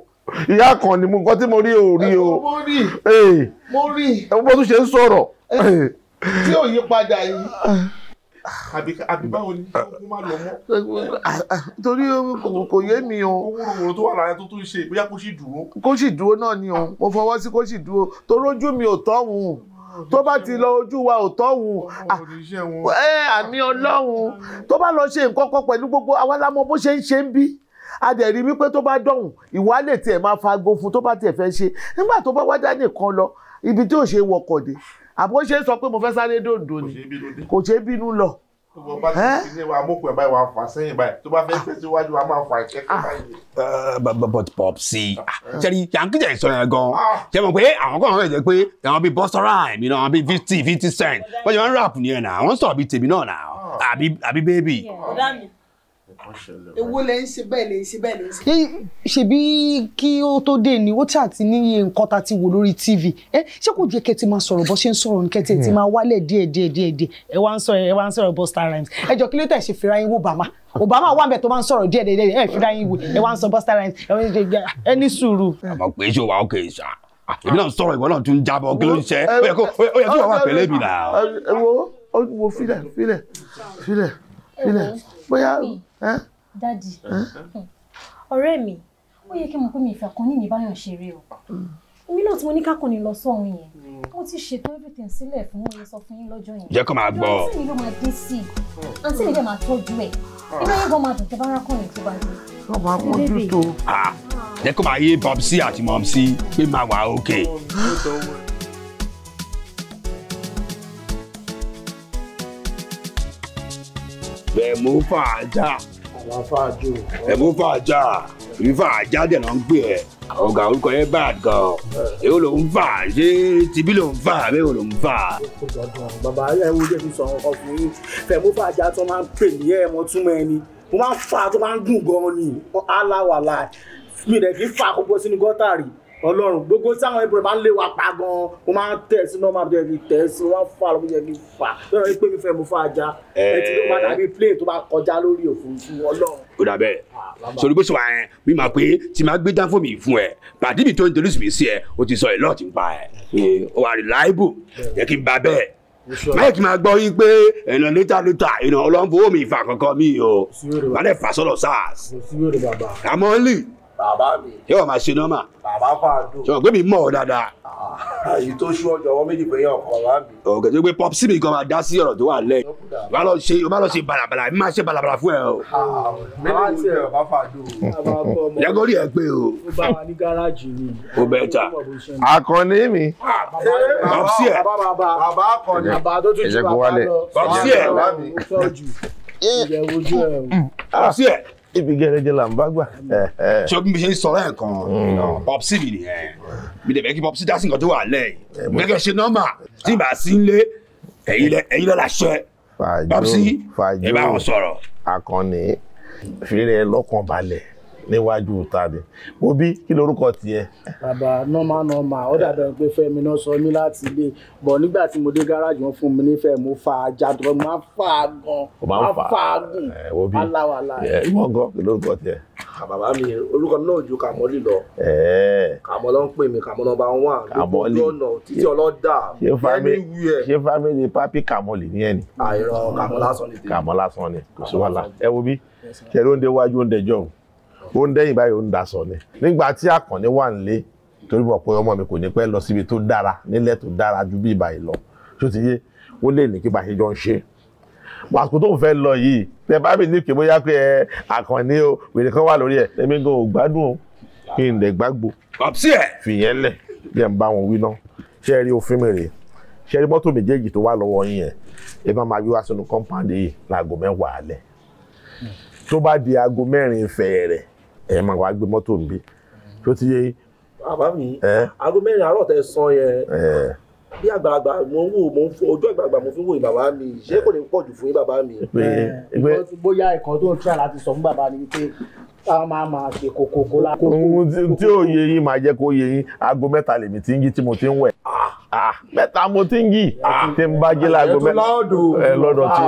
ìyá kan ni mo nǹkan tí mo rí o rí o mo rí mo rí ẹ bó tún ṣe ń sọ̀rọ̀ tí ò yí padà yìí àbí báwo ni kó má lọ mọ́. torí kò yé mi o. owó rògbòrò tó wà lára tó tún ṣe bóyá kó sì dúró. kó sì dúró náà ni o mo fọwọ́ sí kó sì dúró torí ojú mi ò tọ́hún tó bá ti lọ ojú wa ò tọ́hún àmì ọlọ́hun tó bá lọ ṣe nǹkan kan pẹ̀lú gbogbo àwa la mọ̀ bó ṣe ń ṣe ń bí a dẹ̀ rí wípé tó bá dọ̀hùn ìwà lè tiẹ̀ máa fa ago fún tó bá tiẹ̀ fẹ́ ṣe nígbà tó bá wá dá nìkan lọ ibi tí ò ṣe wọkọ̀ dé àbó ṣe é sọ pé mo fẹ́ sáré dòdò ni kò ṣe é bínú lọ. tó bá ti fi ní wa mọ̀pẹ̀ báyìí wa fà sẹ́yìn báyìí tó bá fẹ́ fẹ́ síwájú wa máa fà ìkẹ́kẹ́ báyìí. Ah, ah, but pop si sẹ́ni yankija ìsọ̀rọ̀ yẹn gan ah. ṣe mọ̀ pé àwọn kan rẹ̀ jẹ́ pé àwọn bíi Busta Rhymes you know àwọn bíi fifty fifty cent wọ́n jẹ́ wọ́n rap nìyẹn náà wọ́n sọ̀rọ̀ bíi tèmi náà náà àbí baby èwo lẹ ń se bẹ́ẹ̀ lẹ ń se bẹ́ẹ̀ lẹ ń ṣe. ṣebí kí ó tó dé ni ó tí àti níye nǹkan tá a ti wò lórí tv ẹ ṣé kò jẹ́ kẹ́ ti máa sọ̀rọ̀ bó ṣe ń sọ̀rọ̀ ní kẹ́ ti máa wálẹ̀ díẹ̀ díẹ̀ díẹ̀ díẹ̀ ẹ wá ń sọ̀rọ̀ ẹ wá ń sọ̀rọ̀ bó star rhymes ẹ jọ kí ló tẹ̀ ṣe fira yín wò bàmá obama wà bẹ tó máa ń sọ̀rọ̀ díẹ̀ díẹ̀ díẹ̀ ẹ fira yín wò ẹ wá ń sọ bó star rhymes ẹ ní sùúrù. àmọ́ pé ṣé o wa ó kè é sá èmi náà sọ̀rọ̀ ìwọ náà tún jábọ̀ kí ló ń ṣe ó yẹ kí Daddy, ọ̀rẹ́ mi ó yẹ kí mo pé mi ìfẹ́ kan ní mi báyọ̀ ṣeré o hmm. èmi náà tí mo ní kákan ní lọ sọ́hun yẹn hmm. mo ti ṣètò everything sílẹ̀ fún mo lè sọ fún yín lọ́jọ́ yẹn. jẹ́ kó máa gbọ́. àǹtí mi ló máa dín sí i hmm. àǹtí mi dẹ̀ máa tọ́jú ẹ̀ inú ayé gan máa dùn tó bá rákùnrin tó bá dé. wọ́n máa mójútó. Ah, jẹ́ kó máa yé bọ́bsí àti mọ́msí pé máa wà ókè. bẹ́ẹ̀ fàájà. àwọn fàájò. ẹ fàájà ìbí fàájà dẹ̀ náà ń gbé ẹ̀ ọ̀gá orúkọ yẹn bá gan eh. èwo ló ń fà ṣé tibí ló ń fà àbẹ́wò ló ń fà. bàbá ẹ wo jẹ́ mi sọ ọkọ fún fàájà tó máa ń pè ní ẹ̀ mọ́ túmọ̀ ẹni mo máa ń fa tó máa ń dùn gan ni aláwàlá mi rẹ̀ kì í fa àkókò sínú gọ́tà rí ọlọ́run gbogbo sáwọn ẹbùrẹ máa ń lé wa pa gan mo máa ń tẹ sínú ọmọ àbújá kí tẹ sínú wọn fà lọ bóyá kí fà lọ́rọ̀ yìí pé mi fẹ́ mo fà ajá eh. ẹ ti ló máa dàbí plane tó bá kọjá lórí òfurufú ọlọ́run. ó dà bẹ́ẹ̀ ah, sori bó ṣe wà yẹn mi máa pé tí máa gbé dáfọ́ mi fún ẹ pàdé mi tó ń dolú sùn sí ẹ o ti sọ ìlọ́ọ̀tì ń pa ẹ o wà reliable yẹ kí n ba bẹ́ẹ̀ mike máa gbọ́ yí pé ẹ̀nà létà létà ìnà ọlọ́run fowó mi ìfà kankan mi o wàá lè fà sọ́dọ̀ sars àmọ́ ń lì bàbá mi. yóò máa ṣe nọ́mà. bàbá fàdùn. sọ pé mi mọ̀ ọ́ dáadáa. Ah, èyí tó ṣú ọjọ́ ọwọ́ méjì pé yẹn ọkọ̀ wá mi. ọ̀gá tó gbé pop sí mi gan máa dá sí ọ̀rọ̀ tó wà lẹ́yìn. o máa lọ ṣe o máa lọ ṣe balabala mi máa ṣe balabala fún ẹ o. Ah, bàbá tí ẹ bá fàdùn. yàgò rí ẹ pé o. ó bá wa ní gáràjì ni. ó bẹ ta. àkànní mi. Ah, eh, pop sí ẹ. bàbá àkànní. bàbá tó tún ju bàbá lọ. pop sí ẹ. ìyẹ̀wò ojú eh. ẹ̀ ibi gẹrẹjẹ là ń bá gbà. ṣé o bí mi ṣe ń sọ̀rọ̀ ẹ̀ kan hmm. popsi mi nìyẹn mi dẹ̀ bẹ́ kí popsi dá sí nǹkan tó wà lẹ́yìn gẹ́gẹ́ ṣe nọ́mà tí ìbá sí ń lé ẹ̀yin lọ́la ṣẹ́ popsi ẹ̀ bá wọn sọ̀rọ̀. akọni fi rẹ lọ́kàn balẹ̀ níwájú ta obi mo bí kí lorúkọ tiẹ̀. bàbá normal normal ó dàbẹ̀ pé fẹ́mi náà sọ mí láti ilé bọ̀ nígbà tí mo dé gáràjì wọn fún mi nífẹ̀ẹ́ mo fa ajá tó máa fa gan máa fa gùn aláwàlá. ìwọ gan kí lorúkọ tiẹ̀. Ah, bàbá mi orúkọ mi náà ju kàmọ́lì lọ kàmọ́ ló ń pè mí kàmọ́ nọ́mbà wán gbogbo ọ̀nà títí ọlọ́dà anywhere. ṣé family papi kàmọ́lì ní ẹni. àìrọ kàmọ́ lásán ni. kàmọ́ lásán ni kò sí wàhálà ẹ wo bí ṣe ló ń de wájú oúnjẹ jọ o ó ń dẹ́yìn báyìí ó ń dasọ ni nígbà tí àkànní wà nílé torí mọ̀ pé ọmọ mi kò ní pẹ́ lọ síbi tó dára nílẹ̀ tó dára ju bí ìbàyìí lọ tó ti yé ó lè ní kí bá ṣe jọ ń ṣe àsìkò tó ń fẹ́ lọ yìí tẹ bá mi ní kí bóyá pé àkànní o wèrè kan wà lórí ẹ èmi gan ò gbádùn o kí n lè gbàgbó fìyẹn lẹ̀ bí ẹ ń bá wọn wí náà ṣé ẹ rí òfin mi rèé ṣe rí mọ́tò méjèèjì tó wà lọ́wọ́ yín yẹn ẹ bá máa gbé sínú kọ́ńpáàdì yìí láago mẹ́wàá alẹ́ tó bá di aago mẹ́rin fẹ̀ẹ̀rẹ̀ ẹ máa wá gbé mọ́tò níbí tó ti yé. bàbá mi aago mẹ́rin àárọ̀ tẹ san yẹn bí àgbàlagbà mo ń wò mo ń fọ ojú àgbàlagbà mo fi ń wò bàbá mi ṣé kò ní pọ̀ jù fún yín mi. bóyá ẹ̀kọ́ tó ń tíra láti sọ fún bàbá ni wípé A máa máa ṣe kòkòkò lákòókò. ohun tí ò yé yín máa jẹ́ kó yé yín aago mẹ́ta lèmi ti ń jí tí mo ti ń wẹ̀ mẹ́ta mo ti ń yí tí n bá jí láago mẹ́ta lọ́dọ̀ tí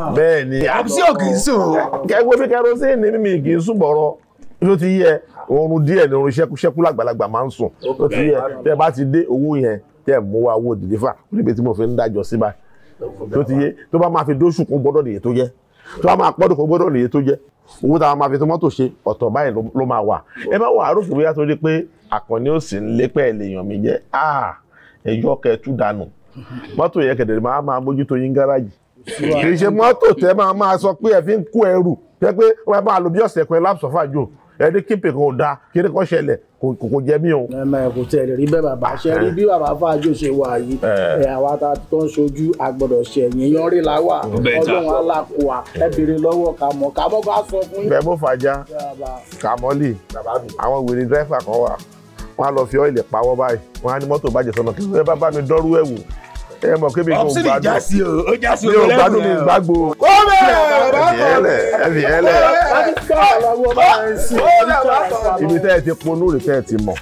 ah, bẹ́ẹ̀ ni. àbísí ò kì í sùn. kẹ́gbẹ́ bí kẹrosíìnì mímì kì í sùn bọ̀rọ̀ tó ti yẹ oorun díẹ̀ ni oorun ṣẹ́kú ṣẹ́kú làgbàlagbà máa ń sùn tó ti yẹ tẹ́ bá ti dé owó yẹn tẹ́ mú wa owó dìde fà ó níbi tí mo fi ń dájọ́ sí báyìí tó ti yẹ tó bá máa fi dóṣù kún gbọ́dọ̀ nìyẹn tó jẹ́ tó bá máa pọ́dọ̀ kún gbọ́dọ̀ nìyẹn tó jẹ́ owó tá a máa fi tó mọ́tò ṣe ọ̀tọ̀ báyìí ló máa wà ẹ má wà àrùn fúnbíyá torí pé àkànní ò sì ń lépẹ́ èèyàn mi jẹ́ ẹjọ́ kẹtù dànù mọ́tò yẹn kẹ̀dẹ̀ máa máa mójútó yín gáràjì kì í ṣe mọ́tò tẹ́ máa máa sọ pé ẹ fi ń kó ẹrù pé pé wọ́n máa lò bí ọ̀sẹ̀ kan ẹ lápsọ̀fà jò ẹni kípe kan ò da kíni kan ṣẹlẹ̀ kò jẹ mí o. ẹ kò tẹ̀lé rí bẹ́ẹ̀ bàbá ṣe rí bí bàbá fáájú ṣe wà yìí ẹ àwa ta tó ń ṣojú agbọ́dọ̀ ṣe ẹ̀yìn yan rí láwà ọlọ́run alákòwà ẹ béèrè lọ́wọ́ kàmọ́ kàmọ́ bá sọ fún yín. bẹ́ẹ̀ mo fàájà kàmọ́lì àwọn wèrè dírẹ́fà kan wà wọ́n á lọ fi ọ́ìlì pawọ́ báyìí wọ́n á ní mọ́tò bàjẹ́ sọ́nà ẹ mọ̀ kébi kò gbádùn ọ̀psìlì já sí o ó já sí o lẹ́nu rẹ̀ o gbádùn mi gbàgbó. kọ́mẹ̀ ẹ̀fìẹ́lẹ̀ ẹ̀fìẹ́lẹ̀ ibi tẹ́ ẹ ti ponú rè tẹ́ ẹ ti mọ̀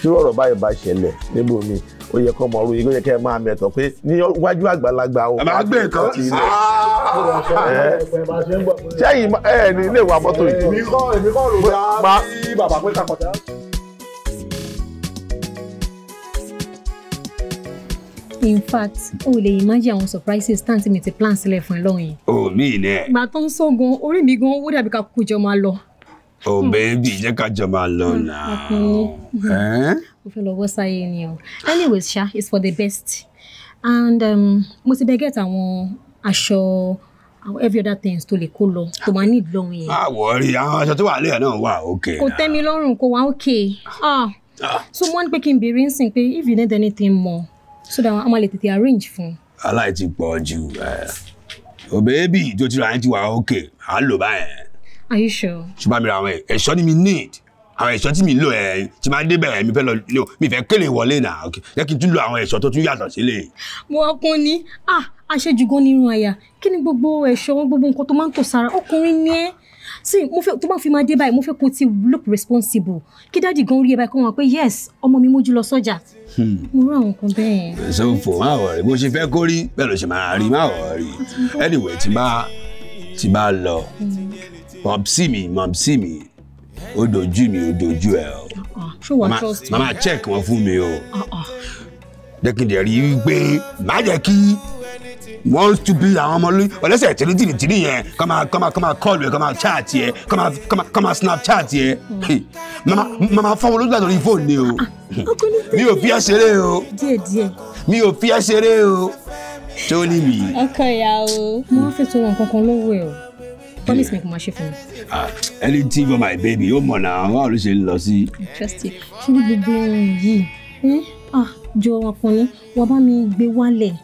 tí ọ̀rọ̀ báyìí bá ṣẹlẹ̀ níbo mi ó yẹ kọ́ mọ ọrú yìí ó yẹ kẹ́ ẹ máa mẹ́tọ̀ pé ní wájú àgbàlagbà o. àmà gbé nǹkan ti ilẹ̀. sẹ́yìn ah! ẹ̀ ní ilé ìwà mọ́tò yìí. èmi kọ́ èmi kọ́ ló dá bí bàbá pé kàkọ́tà. in fact o lè imagine àwọn surprises tanti mi ti plan sílẹ̀ fún ẹ lọ́hùn yìí. o mi nẹ. màá tó ń sọ gan orí mi gan ó dàbí ká kú jọ máa lọ. o bẹ́ẹ̀bì jẹ́ ká jọ máa lọ hmm, náà. mo fẹ́ lọ wọ́sáyé ni o anyways Sha, it's for the best and um, mo ti bẹ get àwọn aṣọ àwọn every other things to lè kó lọ to máa need lọ́hùn yẹn. a wọ̀ rí àwọn aṣọ tó wà lẹ́yìn náà wà okay. kò tẹ́ mi lọ́rùn kò wá okay. Ah, ah. so mo ní pé kí n bèrè ń sìn pé if you need anything more so that a máa lè tètè arrange fún. aláì ti pọ̀ jù òbẹ́ẹ́bì eh, oh, tó ti ra ẹni ti wà ókè à ń lò báyẹn. are you sure. ṣùgbọ́n mi ra àwọn ẹ̀ṣọ́ ni mi need àwọn ẹ̀ṣọ́ tí mi lò ẹ̀ eh, tí máa débẹ̀ ẹ̀ mi fẹ́ lọ lò mi fẹ́ kéle wọlé náà ok jẹ́ kí n tún lo àwọn ẹ̀ṣọ́ tó tún yàtọ̀ sílẹ̀. mo ọkùn ni ah àṣejù gan ni irun àyà kí ni gbogbo ẹ̀ṣọ́ gbogbo nǹkan tó máa ń tò sára ọkùnrin ni ẹ́ sí mo fẹ́ tó bá fi máa dé báyìí mo fẹ́ kó ti look responsible kí dáàdi gan rí ẹ báyìí kó wọn pé yes ọmọ mi mójú lọ sọ́jà hmm. mo rán àwọn kan bẹ́ẹ̀. so fò máa wọ̀ rí bó ṣe fẹ́ kó rí bẹ́ẹ̀ ló ṣe máa rí máa wọ̀ rí anyway tí bá tí bá lọ mọ̀bísì mi mọ̀bísì mi ó dojú mi ó dojú ẹ o ah, màmá check wọn fún mi o ah, ah. jẹ́ kí n dẹ̀ rí i pé má jẹ́ kí wọ́n tún bí àwọn ọmọ lóyún ọlẹ́sẹ̀ tìrì tìrì tìrì yẹn kọ́ máa kọ́ máa kọ́ máa kọ́ọ̀lù yẹn kọ́ máa chat yẹn kọ́ máa kọ́ máa kọ́ máa snapchat yẹn mama mama fọwọ́ lójú àtọ̀rí fóònù ni o ah, mi ò fi ẹ́ ṣeré o mi ò fi ẹ́ ṣeré o tó ní mi. ọkọ ìyá o mo wá fẹ́ tó wọn kankan lọ́wọ́ ẹ̀ o promise me kò máa ṣe fún mi. anything ah, for my baby ó mọ̀ náà wàá ló ṣe ń lọ sí. trust you ṣé ní gbogbo ohun yìí eh, ah, jọ ọkùnrin wàá bá mi gbé wálẹ̀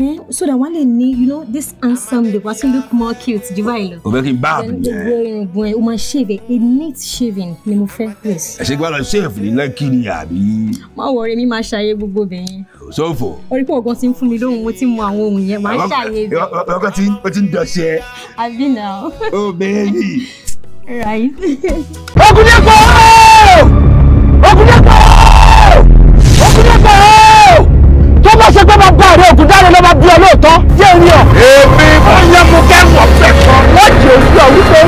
eh? so that wọ́n lè ní you know this handsome the person look more cute jù báyìí lọ. o bẹ kí n bá àbí yẹn. gbogbo irungun ẹ o máa shave ẹ a neat shaving ni mo fẹ́ please. ẹ ṣe gbọ́dọ̀ shave ní lẹ́kì ni àbí. má wọrí mi máa ṣàyè gbogbo bẹ̀yẹn. sófò. orí pé ọgán ti ń fún mi lóhùn mo ti mọ àwọn ohun yẹn máa ń ṣàyè bẹ́ẹ̀. ọkọ tí ó ti ń dọṣẹ. àbí náà. o bẹ́ẹ̀ ni. right. ogun ní ẹ̀kọ́. ààrẹ ògùndáre ló bá bí ọ lóòótọ́ jẹ́ rí ọ. èmi mo yẹ mo kẹ́wọ̀ pẹ̀ kan. wọ́n jẹ́ ojú ọ wípé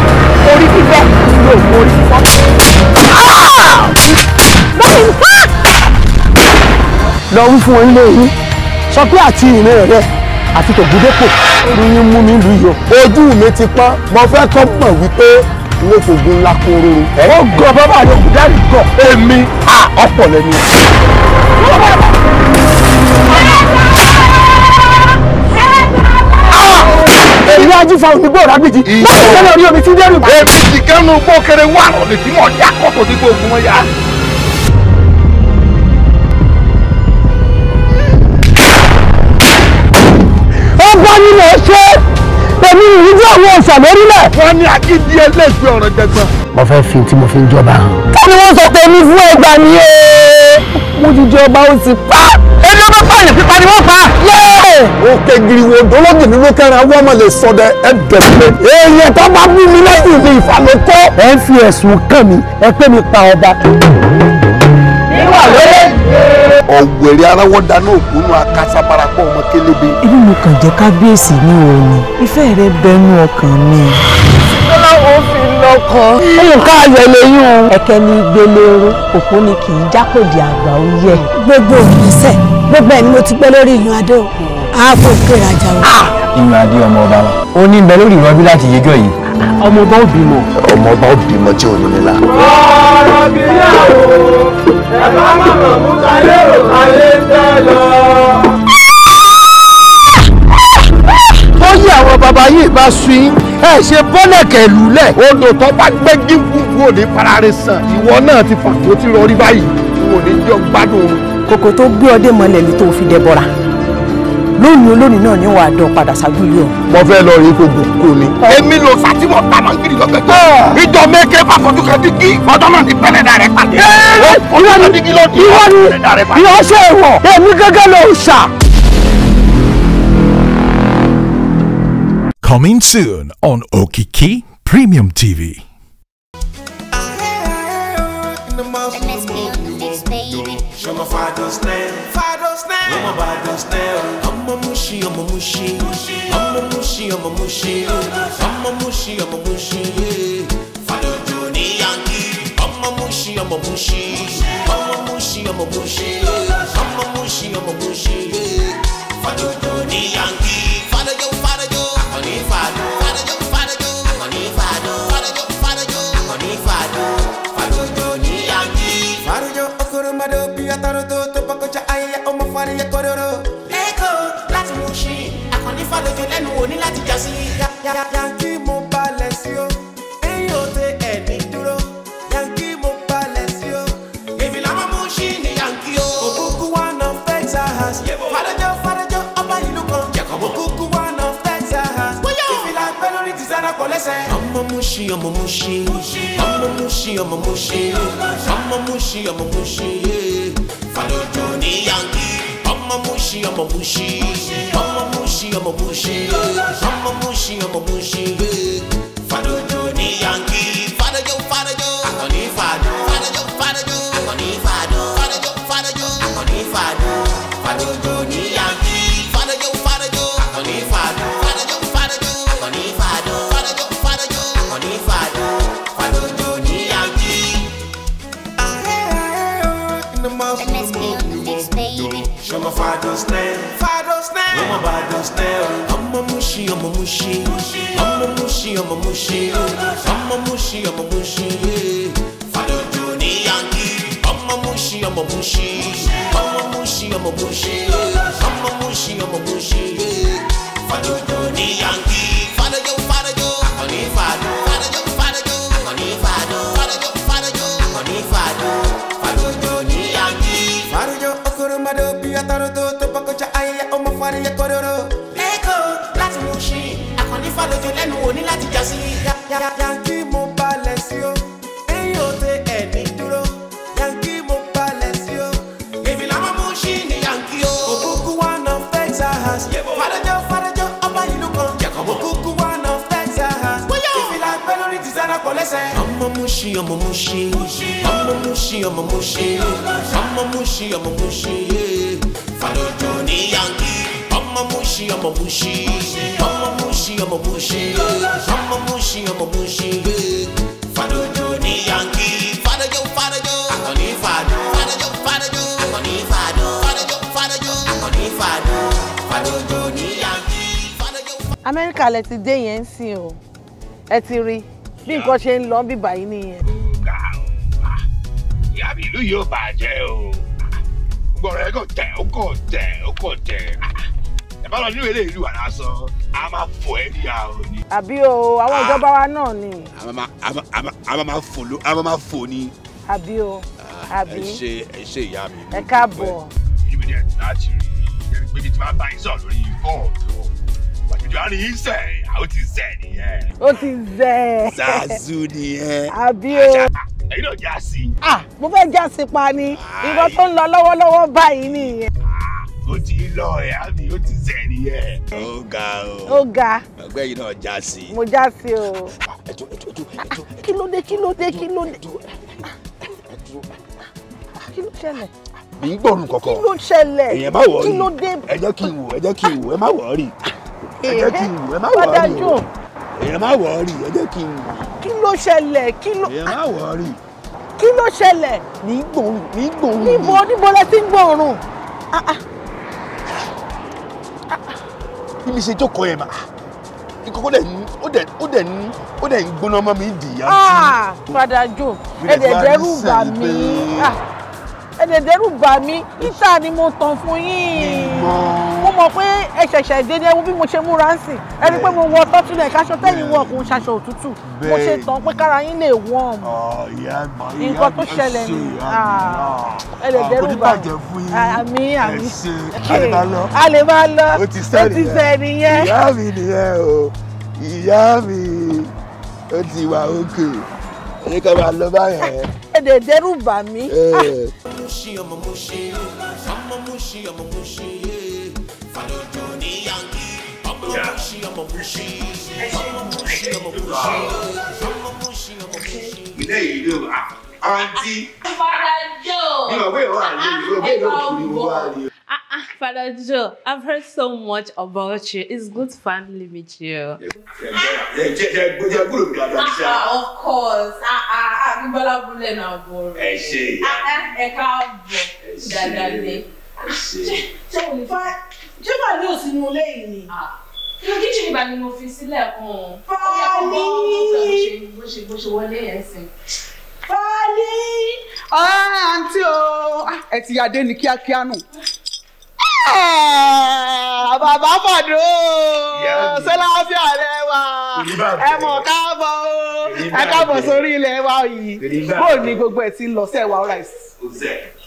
orí fífẹ́ ló mú orí fífọ́. lọ wí fún ilé yín sọ pé àti ìrìn rẹ àti tògúdépò lóyún mú mi lù yọ. ojú mi ti pọ́n mo fẹ́ kọ́ mọ̀ wípé ilé ìfògùn ńlá kóró. ó gọ bàbá rẹ ògùndáre gọ. èmi ọ̀pọ̀ lẹ́nu. ilé ají fa òní gbòòrò láti ìjọba orí omi tí dẹ́rù bá. èmi sì kẹ́nu gbó kéré wà lọ́dẹ tí mò ń yá kọ́kọ́ ní gbogbo wọn ni mò ṣe èmi ìrìn àwọn ọ̀sà lórílẹ̀. wọ́n ní akíndí ẹlẹ́gbẹ́ ọ̀rọ̀ jẹgbọ́n. mo fẹ́ fi tí mo fi ń jọba hàn. tani wọ́n sọ pé mi fún ẹgbàá ni ẹ́ mo ti jọba ó ti pa. ẹjọ́ bá èèyàn pípa ni wọ́n pa. òkè giriwo dolójì nínú kẹrin àwọn ọmọ lè sọdẹ ẹ dẹ̀sílẹ̀. èèyàn tó bá bú mi lẹ́yìn mi ìfàlókọ́. ẹ ń fi ẹ̀sùn kàn mí ẹ pé mi pa ọba. níwà lóye. ọ̀wẹ̀rẹ̀ aráwọ̀ dáná ògúnnú akasabarapọ̀ ọmọ kélébé. ibi mo kàn jẹ́ kábíyèsí ní òní ìfẹ́ rẹ bẹnu ọkàn mi. ọlọ́wọ́ fi lọ́kàn. nǹkan ayọ̀ lẹ́yìn o. ẹ̀kẹ́ ni gbélé oró òpó ni kì í jápòdì àgbà ó yẹ. gbogbo ìgbésẹ̀ gbogbo ẹ̀ ni mo ti gbọ́ lórí ìyún adé o àáfò ìpèrè àjà o. Ah! ìyún adé ọmọ ọba wa ó ní bẹ lórí ìrọbí láti yẹjọ yìí. ọmọ ọba ò bímọ. ọmọ ọba ò bímọ tí ò ní nílá. ọ̀rọ̀ bíyàwó ẹ̀ bá mọ̀mọ́ mú kálé ò kálé tẹ́ lọ. ó yí àwọn bàbá yìí bá sun yín ẹ ṣe bọ́lẹ̀kẹ̀ lulẹ̀ olùtọ́ bá gbẹ́gí gbogbo òní pararisàn ìwọ náà ti fàkótí rọrí báyìí òní jọ gbádùn kòkò tó gbé ọdẹ mọ́lẹ̀ ló tó fi dẹbọra lónìí olónìí náà ni wàá dán padà ságúlẹ̀ ọ. mo fẹ́ lọ rí gbogbo kò ní. èmi ló sátìmọ̀ tamọ̀ nkiri lọ́gbẹ̀gbẹ̀. ìjọ mẹ́kẹ́ fàkọ́tù kan dígí ọdọ́nà ní pẹ́lẹ́dà rẹ̀ pàdé. ìwọ ni ìwọ ni ìwọ ṣe é wọ̀ èmi gẹ́gẹ́ ló ń ṣà. Coming soon on Okiki Premium TV. I'm a Bible spell. I'm a mushy, I'm a mushy. I'm a mushy, I'm a mushy. I'm a mushy, I'm a mushy. Follow Johnny Yankee. I'm a mushy, I'm a mushy. I'm a mushy, I'm a mushy. I'm a mushy, I'm a mushy. Follow Johnny Yankee. yankí mo balẹ̀ sí o ẹ̀yìn ò tẹ ẹ̀ní dúró yankí mo balẹ̀ sí o èmi làwọn mú sí ní yankí o. òkúkú one of Texas fàdájọ́ fàdájọ́ ọba ìlú kan òkúkú one of Texas ìfìlà pẹ́ lórí ti sára kọ́ lẹ́sẹ̀. ọmọ Mushin ọmọ Mushin ọmọ Mushin ọmọ Mushin ọmọ Mushin ọmọ Mushin fàdójò ní yankí ọmọ Mushin ọmọ Mushin ọmọ. mushy, I'm a mushy. I'm a mushy, I'm a mushy. Fado jo ni Yankee. Fado jo, fado jo. I'm gonna fado. Fado jo, fado jo. I'm gonna fado. Fado jo, fado jo. I'm gonna fado. Fado jo ni Yankee. Fado jo, fado jo. I'm gonna fado. Fado jo, fado jo. I'm gonna fado. Fado jo, fado jo. I'm gonna fado. Fado jo ni Yankee. Ah hey ah hey oh. In the mouth of the moon, baby. Show my fado's name. I'm still. I'm a mushy, I'm a mushy. I'm a mushy, I'm a mushy. I'm a mushy, I'm a mushy. Fado Juni Yankee. I'm a mushy, I'm a mushy. I'm a mushy, I'm a mushy. I'm a mushy, I'm a mushy. Fado Juni Yankee. Fado yo, fado yo. Akoni fado. Fado yo, fado yo. Akoni fado. Fado yo, fado yo. Akoni fado. Fado Juni Yankee. Fado yo, okurumado, piataro toto. yàyà sí yàyàǹkì mo balẹ̀ sí o ẹ̀yìn òde ẹ̀ní dúró mo balẹ̀ sí o èmi làwọn mú sí ní yàǹkì o. òkúkú wà nà fẹ́tà house fàdájọ́ fàdájọ́ ọba ìlú kan òkúkú wà nà fẹ́tà house ìfìlà pẹ́ lórí tìsára kọ lẹ́sẹ̀. ọmọ mú sí ọmọ mú sí ọmọ mú sí ọmọ mú sí ọmọ mú sí ọmọ mú sí fàdójọ mushy, I'm a mushy. I'm a mushy, I'm a mushy. Fado jo ni Yankee. Fado jo, fado jo. Akoni fado. Fado jo, fado jo. Akoni fado. Fado jo, fado jo. Akoni fado. Fado jo ni Yankee. Fado jo. Amẹ́ríkà lẹ ti dé yẹn ń sìn o. Ẹ ti rí bí nǹkan ṣe ń lọ bí báyìí nìyẹn. Ah, ìyá mi ìlú yóò bàjẹ́ o. Gbọ̀rọ̀ ẹ̀ kò tẹ̀, ó kò tẹ̀, ó kò tẹ̀. Ah, bá lọ nínú eré ìlú àrà sọ a máa fò ẹ́ ní àrùn ni. àbí o àwọn ah. ìjọba wa náà ni. a máa fò ló a máa fò ni. àbí o ah, àbí. ẹ ṣe ẹ ṣe ìyá mi. ẹ káàbọ̀. ibi díẹ̀ tí láti rí ẹni pé kí tí máa bá yín sọ̀rọ̀ lórí fóònù tó àjùjọ á ní í sẹ̀ ó ti sẹ̀ nìyẹn. ó ti zẹ̀. zazu nìyẹn. àbí o èyí ló já ah mo fẹ́ já sí pa ni nǹkan tó ń lọ lọ́wọ́lọ́wọ́ báyìí nìyẹn. Ah ó ti lọ ẹ̀ àmì ó ti sẹ̀ nìyẹn. ó ga o. ó ga. ọgbẹ́ yìí náà já sí i. mo já sí o. ẹ̀tú ẹ̀tú ẹ̀tú ẹ̀tú. kí ló dé kí ló dé kí ló dé. kí ló ṣẹlẹ̀. mi ń gbọ́rùn kọ̀kọ̀. kí ló ṣẹlẹ̀. èèyàn má wọ̀ rí. ẹ jẹ́ kí n wò ẹ jẹ́ kí n wò ẹ má wọ̀ ẹ jẹ́ kí n wò má wọ̀ rí rí ẹ jẹ́ kí n wò. kí ló ṣẹlẹ̀ kí ló. èèyàn má wọ̀ rí kí ló ṣẹlẹ̀. ní gbòòrùn ní gbòòrùn. níbo níbo lẹ ti ń gbòòrùn. Ah, ah bí mi ṣe jókòó yẹn mà nǹkan ó dẹ̀ ń ó dẹ̀ ó dẹ̀ ń ó dẹ̀ ń gbóná mọ́ mi dìyà. Father Joe ẹ̀dẹ̀ dẹ́rù bà mí ẹ̀dẹ̀dẹ̀rù bà mí ìta ni mo tàn fún yín mo mọ̀ pé ẹ ṣẹ̀ṣẹ̀ dédé wo bí mo ṣe múra ń sìn ẹni pé mo wọ tọ́túlẹ̀ káṣọ tẹ́yìn wọ ọkùnrin ṣaṣọ òtútù mo ṣe tán pé kára yín lè wọ́n mu ah, nǹkan tó ṣẹlẹ̀ ni ah, ẹ̀dẹ̀dẹ̀rù ah, bà mí àmì àmì a lè máa lọ ó nìyẹn ìyá mi nìyẹn o ìyá mi ó ti wà ókè ní ká máa lọ báyẹn. ẹ dẹ̀ bà mí. mo ṣe ọmọ mo ṣe ọmọ mo ṣe ọmọ mo ṣe fàlọ́jọ ní yankí ọmọ mo ṣe ọmọ mo Ah, ah, Father Joe, I've heard so much about you. It's good to finally meet you. ah, ah of course. Ah, ah, Abibola ah, Bule na Boro. Ẹ ṣé. Ah, eh, ẹ káàbọ̀. Dadale. Ẹ ṣé. Ṣé o lè fa? Ṣé màá ní òsínú lẹ́yìn ni? Ah, inú kíchìn ìgbà ni mo fi sílẹ̀ kan. Fáàlì. Bó ṣe bó ṣe wọlé yẹn sìn. Fáàlì. Àǹtí o, ẹ ti yá dé ní kíákíá nù. Ah, bàbá fàdó sọláfíà rẹ wà ẹ mọ̀ káàbọ̀ o ẹ káàbọ̀ sórí ilẹ̀ wa yìí bóò ní gbogbo ẹ̀ ti ń lọ sí ẹ̀wà ọ̀rá ìsì.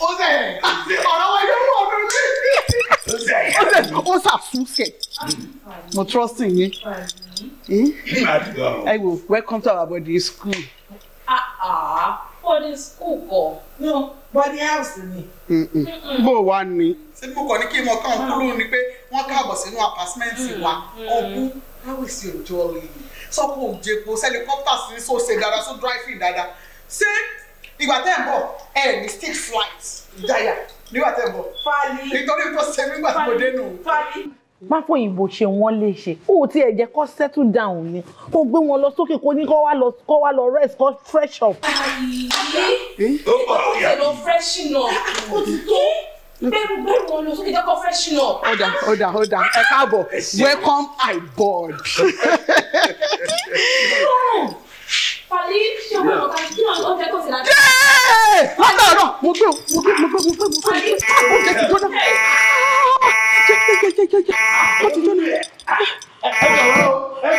ó sẹ̀ ọ̀rọ̀ wa yóò wọ̀ mí ní. ó sàtúnṣe mo trust in yín hmm. Hmm? ẹ wò welcome to our body school. Ah, ah. body school kọ. no body house ni. Hmm, bó o wá ní mo kàn ní kí n mọ kàn kúrò ni pé wọ́n káàbọ̀ sínú apàtímẹ́ǹtì hmm, wa ọkùn hmm. how is your jolly sọ́kò òjèpo helicopter sí so ṣe dáadáa so driving dáadáa ṣé ìgbà tẹ́ ń bọ̀ ẹ ní stick flight ìdáyà nígbà tẹ́ ń bọ̀ nítorí tó ṣe nígbà tí mo dé nù bá fòyìnbó ṣe wọ́n lè ṣe ó ti ẹ̀ jẹ́ settle down ni kó gbé wọn lọ sókè kó ní kó wá lọ kó wá lọ rest kó fresh up. ayé ó bá mi ó ti tó bẹ́ẹ̀rù bẹ́ẹ̀rù wọn lọ sókè jẹ́ kó fresh nọ. ọ̀dà ọ̀dà ọ̀dà ẹ káàbọ̀ welcome I board. Pàlí ṣe wọ́n mọ̀ ká kí wọ́n oúnjẹ tó ti láti. Látàárọ̀ mo gbé mo gbé mo gbé mo gbé mo gbé oúnjẹ ah! ah! ti jóná. Jẹ́ jẹ́ ẹ bọ̀ wá o ẹ bọ̀ wá o. ẹ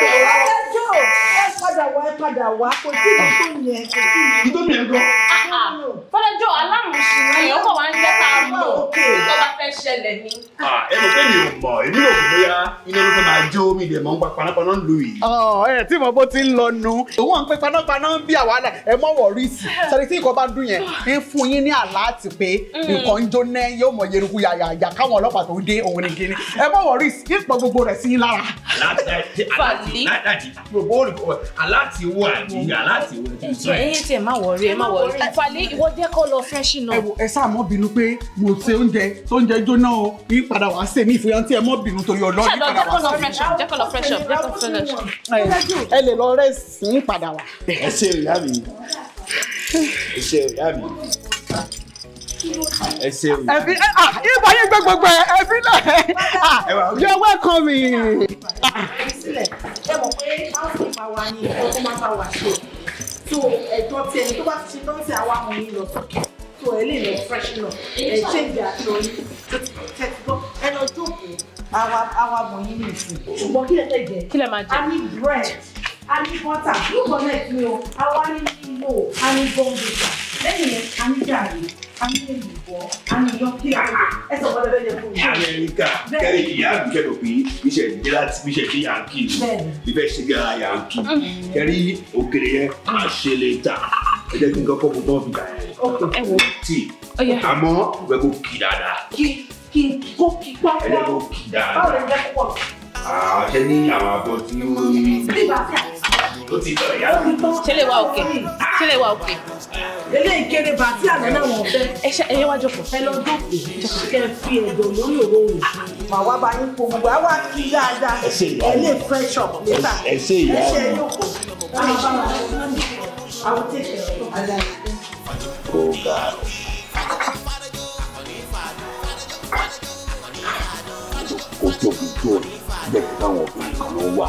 jọ ẹ padà wá ẹ padà wá kò tí ì tó yẹ kò tí ì. ìtò mi ẹ gbọ́. fọlẹ́jọ́ alámùsùn ẹ̀yọ́ kọ̀ wá ń jẹ́ ká mọ̀ tó bá fẹ́ ṣẹlẹ̀ ni. ẹ mọ̀ pé mi ò mọ̀ èmi ò kò bóyá iná ló fẹ́ máa jó mi dẹ̀ mọ̀ ń pa panápaná ń lu yìí. ọ ẹ tí mo bó ti ń lọ nu òun à ń pe panápaná ń bí àwa ẹ mọ̀ wọ̀ rí sí sọ̀rọ̀ tí nǹkan bá dùn yẹn ń fún yín ní àlá àti pé nǹkan ń jóná yóò mọ̀ yẹrùkú yàyà àjà káwọn ọlọ́pàá tó dé òun nìkíní ẹ mọ̀ wọ̀ rí sí ìpọ̀ gbogbo rẹ̀ sí yín lára aláti gbogbo olùkọ́ aláti wo àbí aláti wo ẹbí sọ ẹ. ẹyẹ tí ẹ má wọrí ẹ má wọrí falẹ ìwọ jẹ kó lọ fresh náà. ẹ wo ẹ sáà mọ bínú pé mo ṣe oúnjẹ tó ń jẹ jóná o yí padà wá sè mí ìfòyà tí ẹ mọ bínú torí ọlọ yí padà wá sè mí. jẹ́ kó lọ fresh up jẹ́ kó lọ fresh up jẹ́ kó fresh up. ẹ lè lọ rẹ sí padà wá. ẹ ṣe ìyá mi ẹ ṣe ìyá mi ẹ ṣeun. ẹbí ibà yín gbẹgbẹgbẹ ẹbí náà you are welcome. ẹ mọ̀ pé house ṣùgbọ́n kí lẹ fẹ́ jẹ kí lẹ máa jẹ a ní bread a ní butter lóògbọ́n náà kí o àwa ní yíyó a ní bọ́ǹdùkà lẹ́yìn yẹn a ní gàrí amẹ́ríkà kẹ́rin ìyá mi kẹ́dọ̀ pé iṣẹ́ ìdílé láti fi ṣe fi yankí ìfẹ́ ṣe gara yankí kẹ́rí òkèrè yẹn àṣeléta ẹ jẹ́ kí n kọ́kọ́ bu bọ́ọ̀bù ẹ wò tí oh, àmọ́ ìwé kò kì dáadáa kí kí kó kí pápá ẹ jẹ́ kó kì dáadáa àṣẹ ní àwọn abọ́ tí ó rí tó ti tọ̀ ìyá mi tán. ṣé lè wá òkè ṣé lè wá òkè. eléyìí kéré bàtí àná náà wọ́n fẹ́. ẹ ṣe ẹyẹ wájú kù. ẹ lọ dókòó kẹ fi ẹ̀dọ̀ lórí òróǹro. mà wá bá yín kó gbogbo àwa kí dáadáa ẹ lè fresh up nígbà ẹ ṣe ìyá mi. ẹ ṣe yòókù. Oh, ó ga ọ. ó tóbi tó bẹ́ẹ̀ táwọn obìnrin kan wà.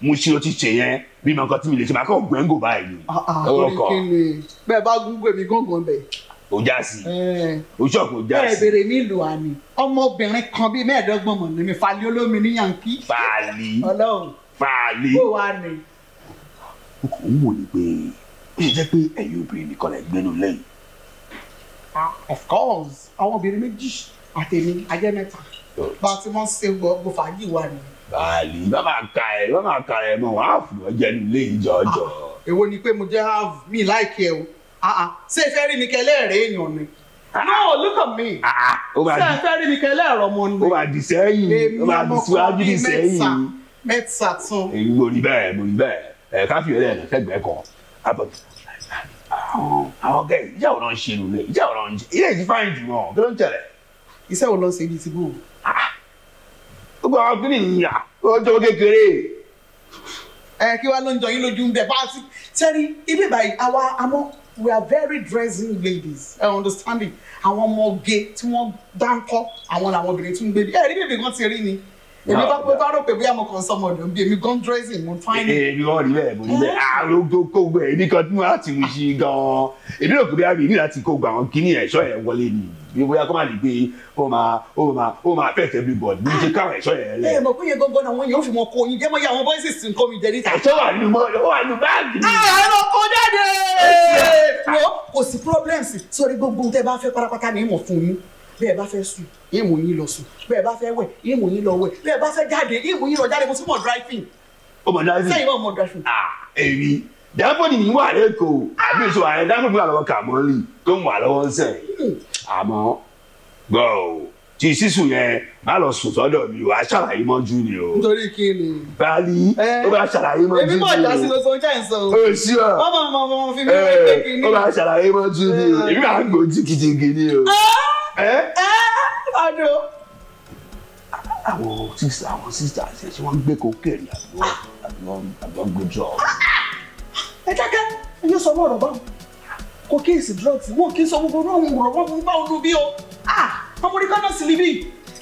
mo ṣe ló ti ṣe yẹn bí mo nǹkan tí mi lè ṣe máa kọ́ gbẹ́ngò báyìí ni. ọ̀rọ̀ ah, ah, kan bẹ́ẹ̀ bá gúngbè mi gángan bẹ̀. o já sí o ṣọ́ọ̀kì o já sí. bẹ́ẹ̀ bèrè mi lù àní ọmọbìnrin kan bíi mẹ́ẹ̀ẹ́dọ́gbọ̀n mọ̀ ní mi falẹ̀ olómi ní yankí. falẹ̀ falẹ̀ kó wa ni. o kò ń wò ní pé ó ṣe jẹ́ pé ẹ̀yin obìnrin nìkan lè gbénu lẹ́yìn. Ah, of course àwọn obìnrin méjì àtẹ̀mí ajẹ́ mẹ́ta bá a ti mọ̀ ṣe gbogbo fàájì wa nìyẹn báàlì bá máa ka ẹ bá máa ka ẹ mọ wàá fún ọ jẹ nílé ìjọjọ. Ah, èwo ni pé mo jẹ́ half mi láìkí ẹ o ah, ah, ṣé ẹ fẹ́ rí mi kẹ́lẹ́ rẹ̀ èèyàn ni. no look at me ṣé ẹ fẹ́ rí mi kẹ́lẹ́ ọ̀rọ̀ mo ni. ó máa di sẹ́yìn ó máa di síwájú di sẹ́yìn. mẹ́ta tún. èyí mo rí bẹ́ẹ̀ mo rí bẹ́ẹ̀ ẹ̀ káfí ẹ̀rẹ́ ẹ̀ lọ́sẹ̀gbẹ́ kan àwọn ọ̀gá ìjà ò lọ ń ṣe lulẹ̀ ìjà ò lọ ń ṣe ilé ìjì fáyìn jù wọn kí ló ń tẹ̀lẹ̀. iṣẹ́ wo lọ gbogbo àwọn kiri yìnyà ọjọ́ kékeré. ẹ kí wàá ló ń jọ yín lójú ń bẹ bá a sí sẹ́rí ibi báyìí àwa àmọ́ we are very dressing ladies ẹ understanding àwọn ọmọ oge tí wọ́n dáńkọ́ àwọn làwọn obìnrin tún ń gbé bí ẹ rí bèbè kan ti rí ni èmi bá pé bá rò pé bóyá mo kàn sọ ọmọ ọdún bí èmi gan dressing mo fine. èmi wọn rí bẹ́ẹ̀ mo rí bẹ́ẹ̀ àrò ah, gbogbo gbẹ èmi kan tí mo láti wù sí gan èmi rò pé bóyá mi láti kó gba àwọn kíní ẹ̀ṣọ́ yẹn wọlé ni bí bóyá kó má lè gbé ó máa ó máa ó máa affect everybody bí ṣe káwọn ẹ̀ṣọ́ yẹn lẹ. ẹ eh, mọ̀ pé yẹn gbọ́ngàn náà wọ́n yóò fi mọ kó yín jẹ́ mọ́ yà àwọn bọ́ìsì sì ń kọ́ mi jẹ́rí ta. ẹ̀ṣọ́ wà nínú mọ́ ó wà nínú báàgì. Ah, àwọn kò jáde. wọ́n kò sí problems sórí gbogbo tẹ́ bá fẹ́ pátápátá ní ìmọ̀ fún yín bẹ́ẹ̀ bá fẹ́ sùn ìmú yín lọ sùn bẹ́ẹ̀ bá fẹ́ wẹ̀ ìmú yín lọ wẹ̀ bẹ́ẹ̀ bá fẹ́ jáde ìmú yín lọ jáde mo tún driving. ó mọ̀ driving sẹ́yìn náà mọ̀ driving. ah èmi dáfọ́dì yìí wà lẹ́kọ̀ọ́ àbí èso ààrẹ dáfọ́dì wà lọ́wọ́ kàmọ́lì tó ń wà lọ́wọ́ ń sẹ̀ hmm. àmọ́ gbọ́ ti sísù yẹn má lọ sùn sọ́dọ̀ mi o a ṣàlàyé mọ́jú ni o. nítorí kí ni. báyìí ó bá ṣàlàyé mọ́jú ni o. èmi mọ̀ jásí lóso ń jẹ́ ìsọ. o sí ọ. wọ́n mọ̀ mọ̀ mọ̀ fi mi pé kí ó bá ṣàlàyé mọ́jú ni o èmi máa ń gbò jìgìjìgì ni o. ọdún. àwọn sísè àwọn sísè àti ẹ̀ṣẹ̀ wọ́n gbé kókè ní àgbọ̀n gbòjọ́. ẹ dákẹ́ ẹ yóò sọ drugs wọn kì í sọ gbogbo ọ̀rọ̀ wọn báwọn lu bí ọmọ orí kọ́nà sílí bíi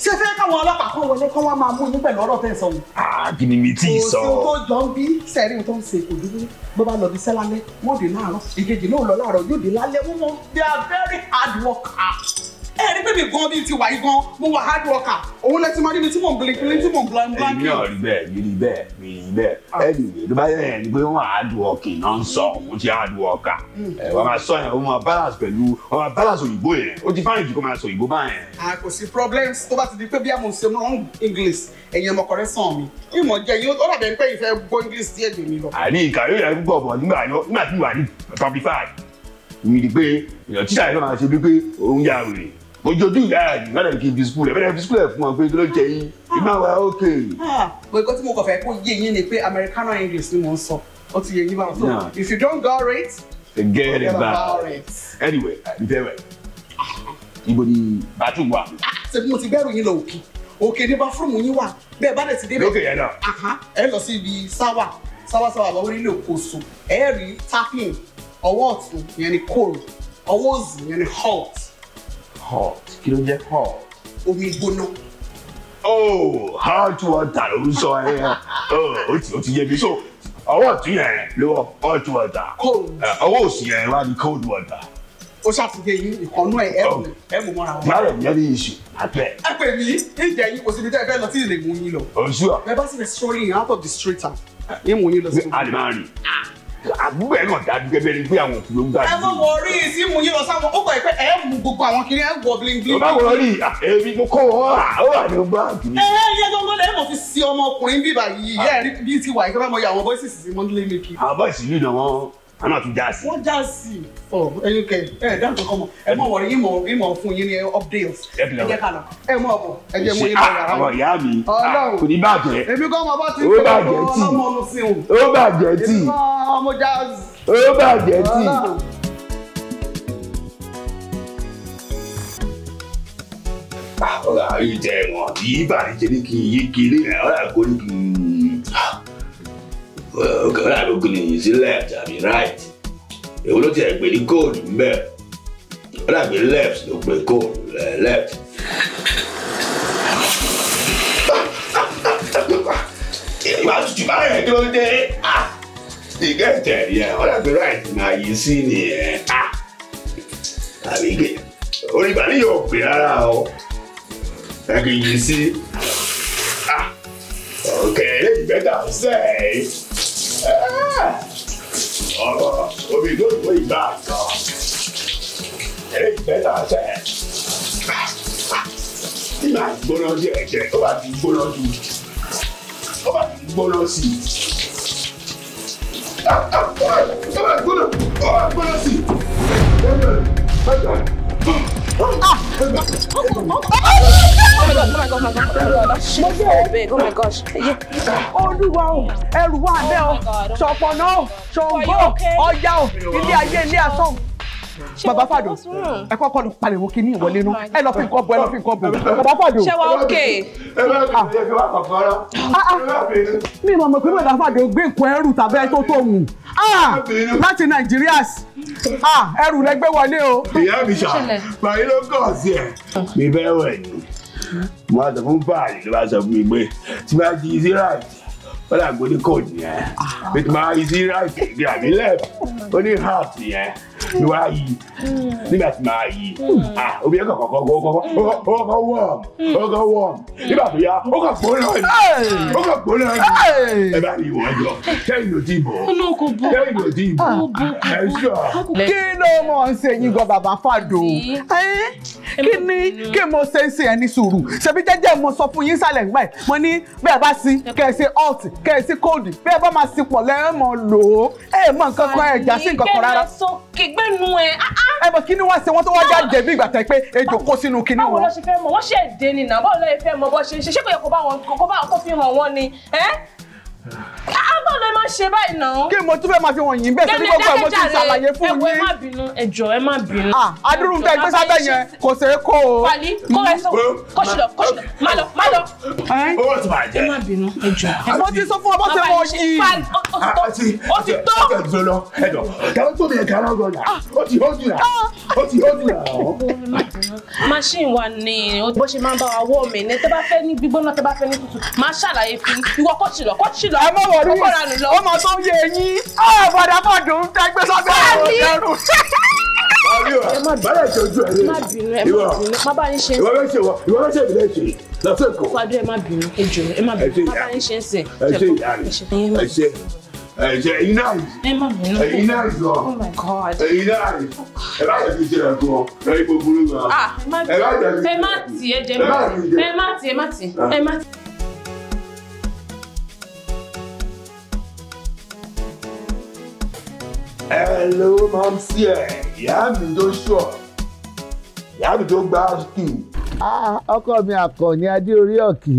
ṣé fẹ́ káwọn ọlọ́pàá kan wọlé kán wá máa mú yín pẹ̀lú ọ̀rọ̀ tẹ̀sán o. àbí ni mi tí sọ. kò sí tó jọ ń bí sẹ́rí tó ń ṣe kò dúró bó bá lọ bí sẹ́lálẹ́ wọ́n dé láàárọ̀ ìkejì náà lọ láàárọ̀ yóò dé lálẹ́ wọ́n they are very hard worker ẹ rí bèbè gan bíi ti wàyí gan mo wà hard worker òun lẹ ti máa rí mi tí mò ń blink blink tí mò ń blank blank. èmi náà rí bẹ́ẹ̀ mi rí bẹ́ẹ̀ mi rí bẹ́ẹ̀ ẹnìwé ló bá yẹ ẹ pé wọn hard working náà ń sọ òun ti hard worker hmm. ẹ wọn máa sọ yẹn wọn máa balance pẹ̀lú wọn máa balance òyìnbó yẹn ó ti fáyìn jù kó máa sọ òyìnbó báyẹn. a kò sí problems tó bá ti di pé bí a mò ń ṣe wrong english ẹ̀yin ọmọkùnrin sàn mi ìmọ̀ jẹ́ yín ó dàbẹ̀ pé ìfẹ́ gbọ́ english díẹ̀ jù mí lọ. àní ìkàwé rẹ̀ púpọ̀ bọ̀ nígbà tí wà ní public five mi ni pé èèyàn tíṣà yìí fẹ́ máa ṣe bí pé òun yà wèrè mo jojú ìyá àjù lọ́dọ̀ kí n fi skul ẹ̀ bẹ́ẹ̀ fi skul ẹ̀ fún wọn pé kí ló jẹ yín iná wa ok. mo ah, ìkọ́ tí mo kọ̀ fẹ́ kó yé yín ni pé americano english ni mo ń sọ ó ti yé yín báwọn so if you don't rate, the forget about bad. anyway ǹjẹ́ wẹ̀ ibo ni bàtú wà. Ah, ṣe bí mo ti bẹ̀rù yín lọ òkè òkè ní báfúrúmù yín wà bẹ́ẹ̀ bá dẹ̀ ti débẹ̀. lókè yẹn náà. ẹ lọ sí ibi sáwà sáwà sáwà àbáwọ́ nílé òkòso ẹ̀ẹ́rì tapping ọwọ́ ọ̀tún yẹn ni cold ọwọ́ òsì yẹn ni hot hot kí ló jẹ́ hot. omi gbóná. oh hot water ló ń sọ ẹ ẹ oh, ó ti ó ti yé mi so ọwọ́ ọ̀tún yẹn ló hot water eh, ọwọ́ òsì yẹn wá ní cold water ó ṣàfihàn yín ìkànnú ẹ ẹmu oh. ẹmu mọra wọn. má lè jẹ́ ní iṣu àpẹ. ẹ pè mí ìjẹ yín kò síbi tẹ́ ẹ fẹ́ lọ sí ìlè mú yín lọ. oṣù oh, à. bá sì lè sọ́ọ́lì yín out of the street ah. yín mú yín lọ sí. a lè máa rìn. Ah àbúrò ẹ̀ náà dájú gẹ́gẹ́ bí pé àwọn òkú ló ń dájú. ẹ mọ wọ orí ìsímù yìí lọ sáwọn ó gbà pé ẹ mú gbogbo àwọn kiri ẹ wọ blingbling. bàbá wọ rí èmi mo kọ́ wọn rà ó wà ní báàgì mi. ẹ ẹ yẹ gbọ́ngàn lẹ́yìn mo fi si ọmọkùnrin bíbà yìí yẹ́ẹ̀rí bíi ti wà ìkẹ́fẹ́ mọ yà àwọn bọ́ìsì sì sí mọ́ndúlé mi kì. àbá ìsìlú náà wọn a náà tún já sí. wọ́n já sí ọ ẹyin kẹ ẹ dáhùn kankan mọ ẹ mọ wọrí ìmọ̀ ìmọ̀ fún yín ní updates ẹ jẹ́ ká lọ ẹ mọ ọbọ ẹ jẹ́ mú ìmọ̀ yàrá wọn. ìyá mi kò ní bàjẹ́ èmi kọ́ ọmọ bá ti ń pè é ọlọ́mọ ọ̀nù sí òun. ó bàjẹ́ tì í ọmọ já sí. ó bàjẹ́ tì í. ọ̀la ayé jẹ́ wọn yìí bàjẹ́ ní kí n yé kiri ọ̀la kò ní kí n ọkàn rà lókun nìyí sí left àbí right èwo ló tiẹ̀ gbé ní goal mbẹ́ rà gbé left ló gbé goal left. ìgbà tutù bá rẹ̀ tó dé ìgbà ìtẹ̀lẹ̀ yẹn rà gbé right náà yìí sí nìyẹn àbí gè orí ìbàdí yóò pè rárá o ẹ kì í yìí sí. Okay, you better say. Ọ̀rọ̀ omi lóògbé ìgbà kan. Eré ìgbẹ́ náà sẹ́. Tí màá gbóná díẹ̀ jẹ́, ó bá ti gbóná jù. Ó ti gbóná sí i. Ó bá gbóná, ó bá gbóná sí i. Bẹ́ẹ̀ bẹ́ẹ̀ bẹ́ẹ̀ bẹ́ẹ̀. Oh Oh Oh Oh Oh Oh Oh Oh Oh Oh Oh Oh Oh Oh my my my my my my my my my my my my my my God! God! God! God! God! God! God! God! God! God! God! God! God! Olúwa o, ẹrù wa bẹ́ o, ṣọ̀pọ̀ náà, ṣọ̀gbọ́, ọjà o, ilé ayé ilé asán o. Bàbá Fàdò, ẹ kọ́kọ́ lọ pariwo kí ní ìwọlé nú, ẹ lọ fi nǹkan bọ, ẹ lọ fi nǹkan bọ. Bàbá Fàdò. Ṣé wa ókè? Ẹ bá mi fi wá kọ̀ọ̀kan rá. Mi ò mọ̀ pé bàbá Fàdò gbé nǹkan ẹrù tàbí ẹ tó tó wù. Láti Nàìjíríà sí. Ah, ẹrù lẹ gbé wọlé o. ìyá mi ṣá báyìí ló kọ̀ sí ẹ̀ mi fẹ́ wẹ̀ ni mo bá sọ fún báàlì ló bá sọ fún mi pé tí bá di israel ó dà gbódì kò nìyẹn bí ah. tí bá di israel kì í gbé àbí ó ní heart nìyẹn mi wá yí nígbà tí màá yí omi ẹ̀kọ́ kọ̀ọ̀kan kọ̀ọ̀kan wọ̀m ọkọ̀ wọ̀m nígbà tó yá ó kà gbóná ni ó kà gbóná ni ẹ bá mi wọ̀ jọ kẹ́yìn ò tí bọ̀ kẹ́yìn ò tí bọ̀ ẹ sọ. kí ló mọ̀ ń ṣe yín gan bàbá fàdó kí ni kí mo ṣe ń ṣe ẹni sùúrù ṣebí jẹ́jẹ́ mo sọ fún yín sálẹ̀ ńgbà ẹ̀ mo ní bẹ́ẹ̀ bá sí kẹ́ ẹ ṣe alt kẹ́ ẹ ṣe cold bẹ́ẹ̀ bá máa ṣe pọ̀ lẹ́ẹ̀mọ̀ lò ó ẹ̀ mọ̀ nǹkan kan ẹ̀ já sí nǹkan kan rárá ẹnu ẹ. Ah, ah. ẹ bọ kí ni wọ́n ṣe wọ́n tó wá já ah. jẹ̀bi ìgbà tẹ pé ejò kó sínú kíní wọn. báwo ló ṣe fẹ́ mọ wọ́n ṣe é dé nìyà báwo ló ṣe fẹ́ mọ bọ́ ṣe ṣe ṣé kò yẹ kó bá wọn kó fi hàn wọn ni. Ah, lè má ṣe báyìí náà. kí mo tún fẹ́ máa fi wọ̀nyí bẹ́ẹ̀ sẹ́ni gbogbo ẹ̀ mo ti ṣàlàyé fún yín. ẹ wo ẹ má bínú ẹ jọ̀ọ́ ẹ má bínú. Ah, adúrú tẹ gbé sábẹ́ yẹn kò ṣeé kó o. pali kó ẹ sọ kọṣùlọ kọṣùlọ má lọ má lọ. owó ti bàjẹ́. ẹ má bínú ẹ jọ̀ọ́. mo ti sọ fún ọ bó ṣe wọ yìí. o ti tó. ẹ jọ lọ ẹ jọ kàwé tó bẹ kàrà ọgọ yà ó ti ó jù yà ó ti ó jù yà. machine wa ni bó ṣe máa ń bá wa wọ́ mi ní tẹ́ bá fẹ́ ní gbígbóná tẹ́ bá fẹ́ ní tútù ìjọ ẹ mọ̀ wọ̀ rí ọmọ tó yé yín ọ̀bọ̀dà fọ̀dùn tẹ́ gbé sọ́gbẹ́ ọ̀dẹ́rù. ẹ má bàárẹ̀ ṣe ojú ẹ ní ìwọ ìwọ bẹ ṣe ìwọ bẹ ṣe ìbílẹ̀ ṣe lọ́sẹ̀ kọ́. fàdúrà ẹ má bínú ẹ jù ẹ má bínú má bá ń ṣe ń sìn. ẹ ṣe ìyá rẹ ẹ ṣe ẹ̀jẹ̀ iná yìí ẹ̀yin náà yìí lọ ẹ̀yin náà yìí ẹ bá yẹ fi ṣe ẹ̀gbọ́n ẹ̀yin gbogbo ló ń lọ ah, ẹ bá yẹ fi ṣe ẹ̀gbọ́n ẹ má tì ẹ má tì ẹ má tì ẹ má tì. hello mamsi ẹ̀ ìyá mi tó ṣọ̀ ìyá mi tó gbá kì. ọkọ mi àkànní adé orí ọ̀kì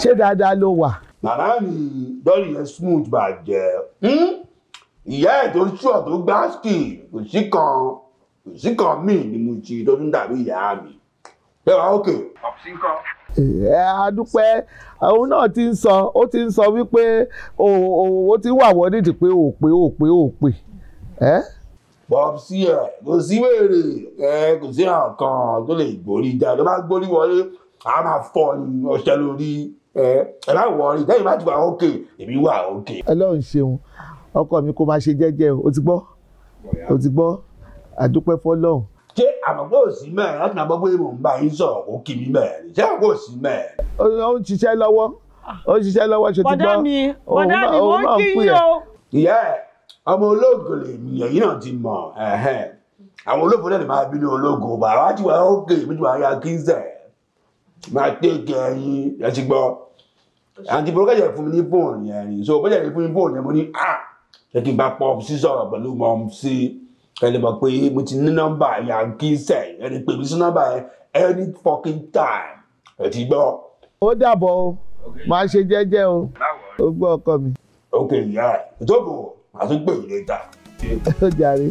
ṣé dáadáa ló wà. bàbá mi dọ́lì yẹn smooth bàjẹ́ hmm? ìyá ẹ̀ tó ṣọ̀ tó gbá kì kò sí kan kò sí kan míì ni mo ti tó tún dàbí ìyá mi ẹ wà ókè. ẹ adúpẹ́ òun náà ti ń sọ ó ti ń sọ wípé ó ti wà wọ́n nídìí pé ò pé ò pé ò pé ẹ́. bob seer kò sí wèrè ẹ kò sí nǹkan tó lè gbórí jà ló bá gbórí wọlé a máa fọ ní ọṣẹ lórí ẹ ẹ bá wọrí lẹ́yìn bá ti wà ókè èmi wà ókè. Ọlọ́run ṣeun ọkọ mi kó máa ṣe jẹ́jẹ́ o ti gbọ́ o ti gbọ́ àdúpẹ́ fọ́lọ́run ṣé àmọ̀pọ̀ òsì mẹ́ẹ̀ láti náà gbọ́ pé mò ń bá yín sọ̀rọ̀ kó kí mi mẹ́ẹ̀ ni ṣé àmọ̀pọ̀ òsì mẹ́ẹ̀. ó ń ṣiṣẹ́ lọ́wọ́ ó ń ṣiṣẹ́ lọ́wọ́ ṣe ti gbọ́ bọ́dá mi bọ́dá mi mo ń kí yín o. ìyá ẹ ọmọ olóògùn lèèyàn yìí náà ti mọ̀ àwọn olóògùn náà lè máa bínú olóògùn bàbá wa ti wà ókè mi ti wà ya kí n sẹ̀ máa tẹ̀kẹ̀ ẹyin ẹ ti gbọ́ àǹtí bọ́kẹ́jẹ̀ fún mi ní bóònù yẹn ni so bọ́kẹ́jẹ̀ fún mi ní bóònù yẹn mo ní ah ṣé kí n bá pọ́ọ̀pù sí sọ̀rọ̀ pẹ̀lú mọ́ọ̀mù sí i ẹ lè mọ̀ pé mo ti ní nọ́mbà yankee sẹ́yìn ẹni pè mí sí nọ́mbà yẹn any fucking time ẹ ti gbọ́. ó dàbọ̀ o máa ṣe jẹ́jẹ́ o ó gbọ́ ọkọ mi. ok ìyá ẹ ìjókòó àti pè mí níta. ó jàre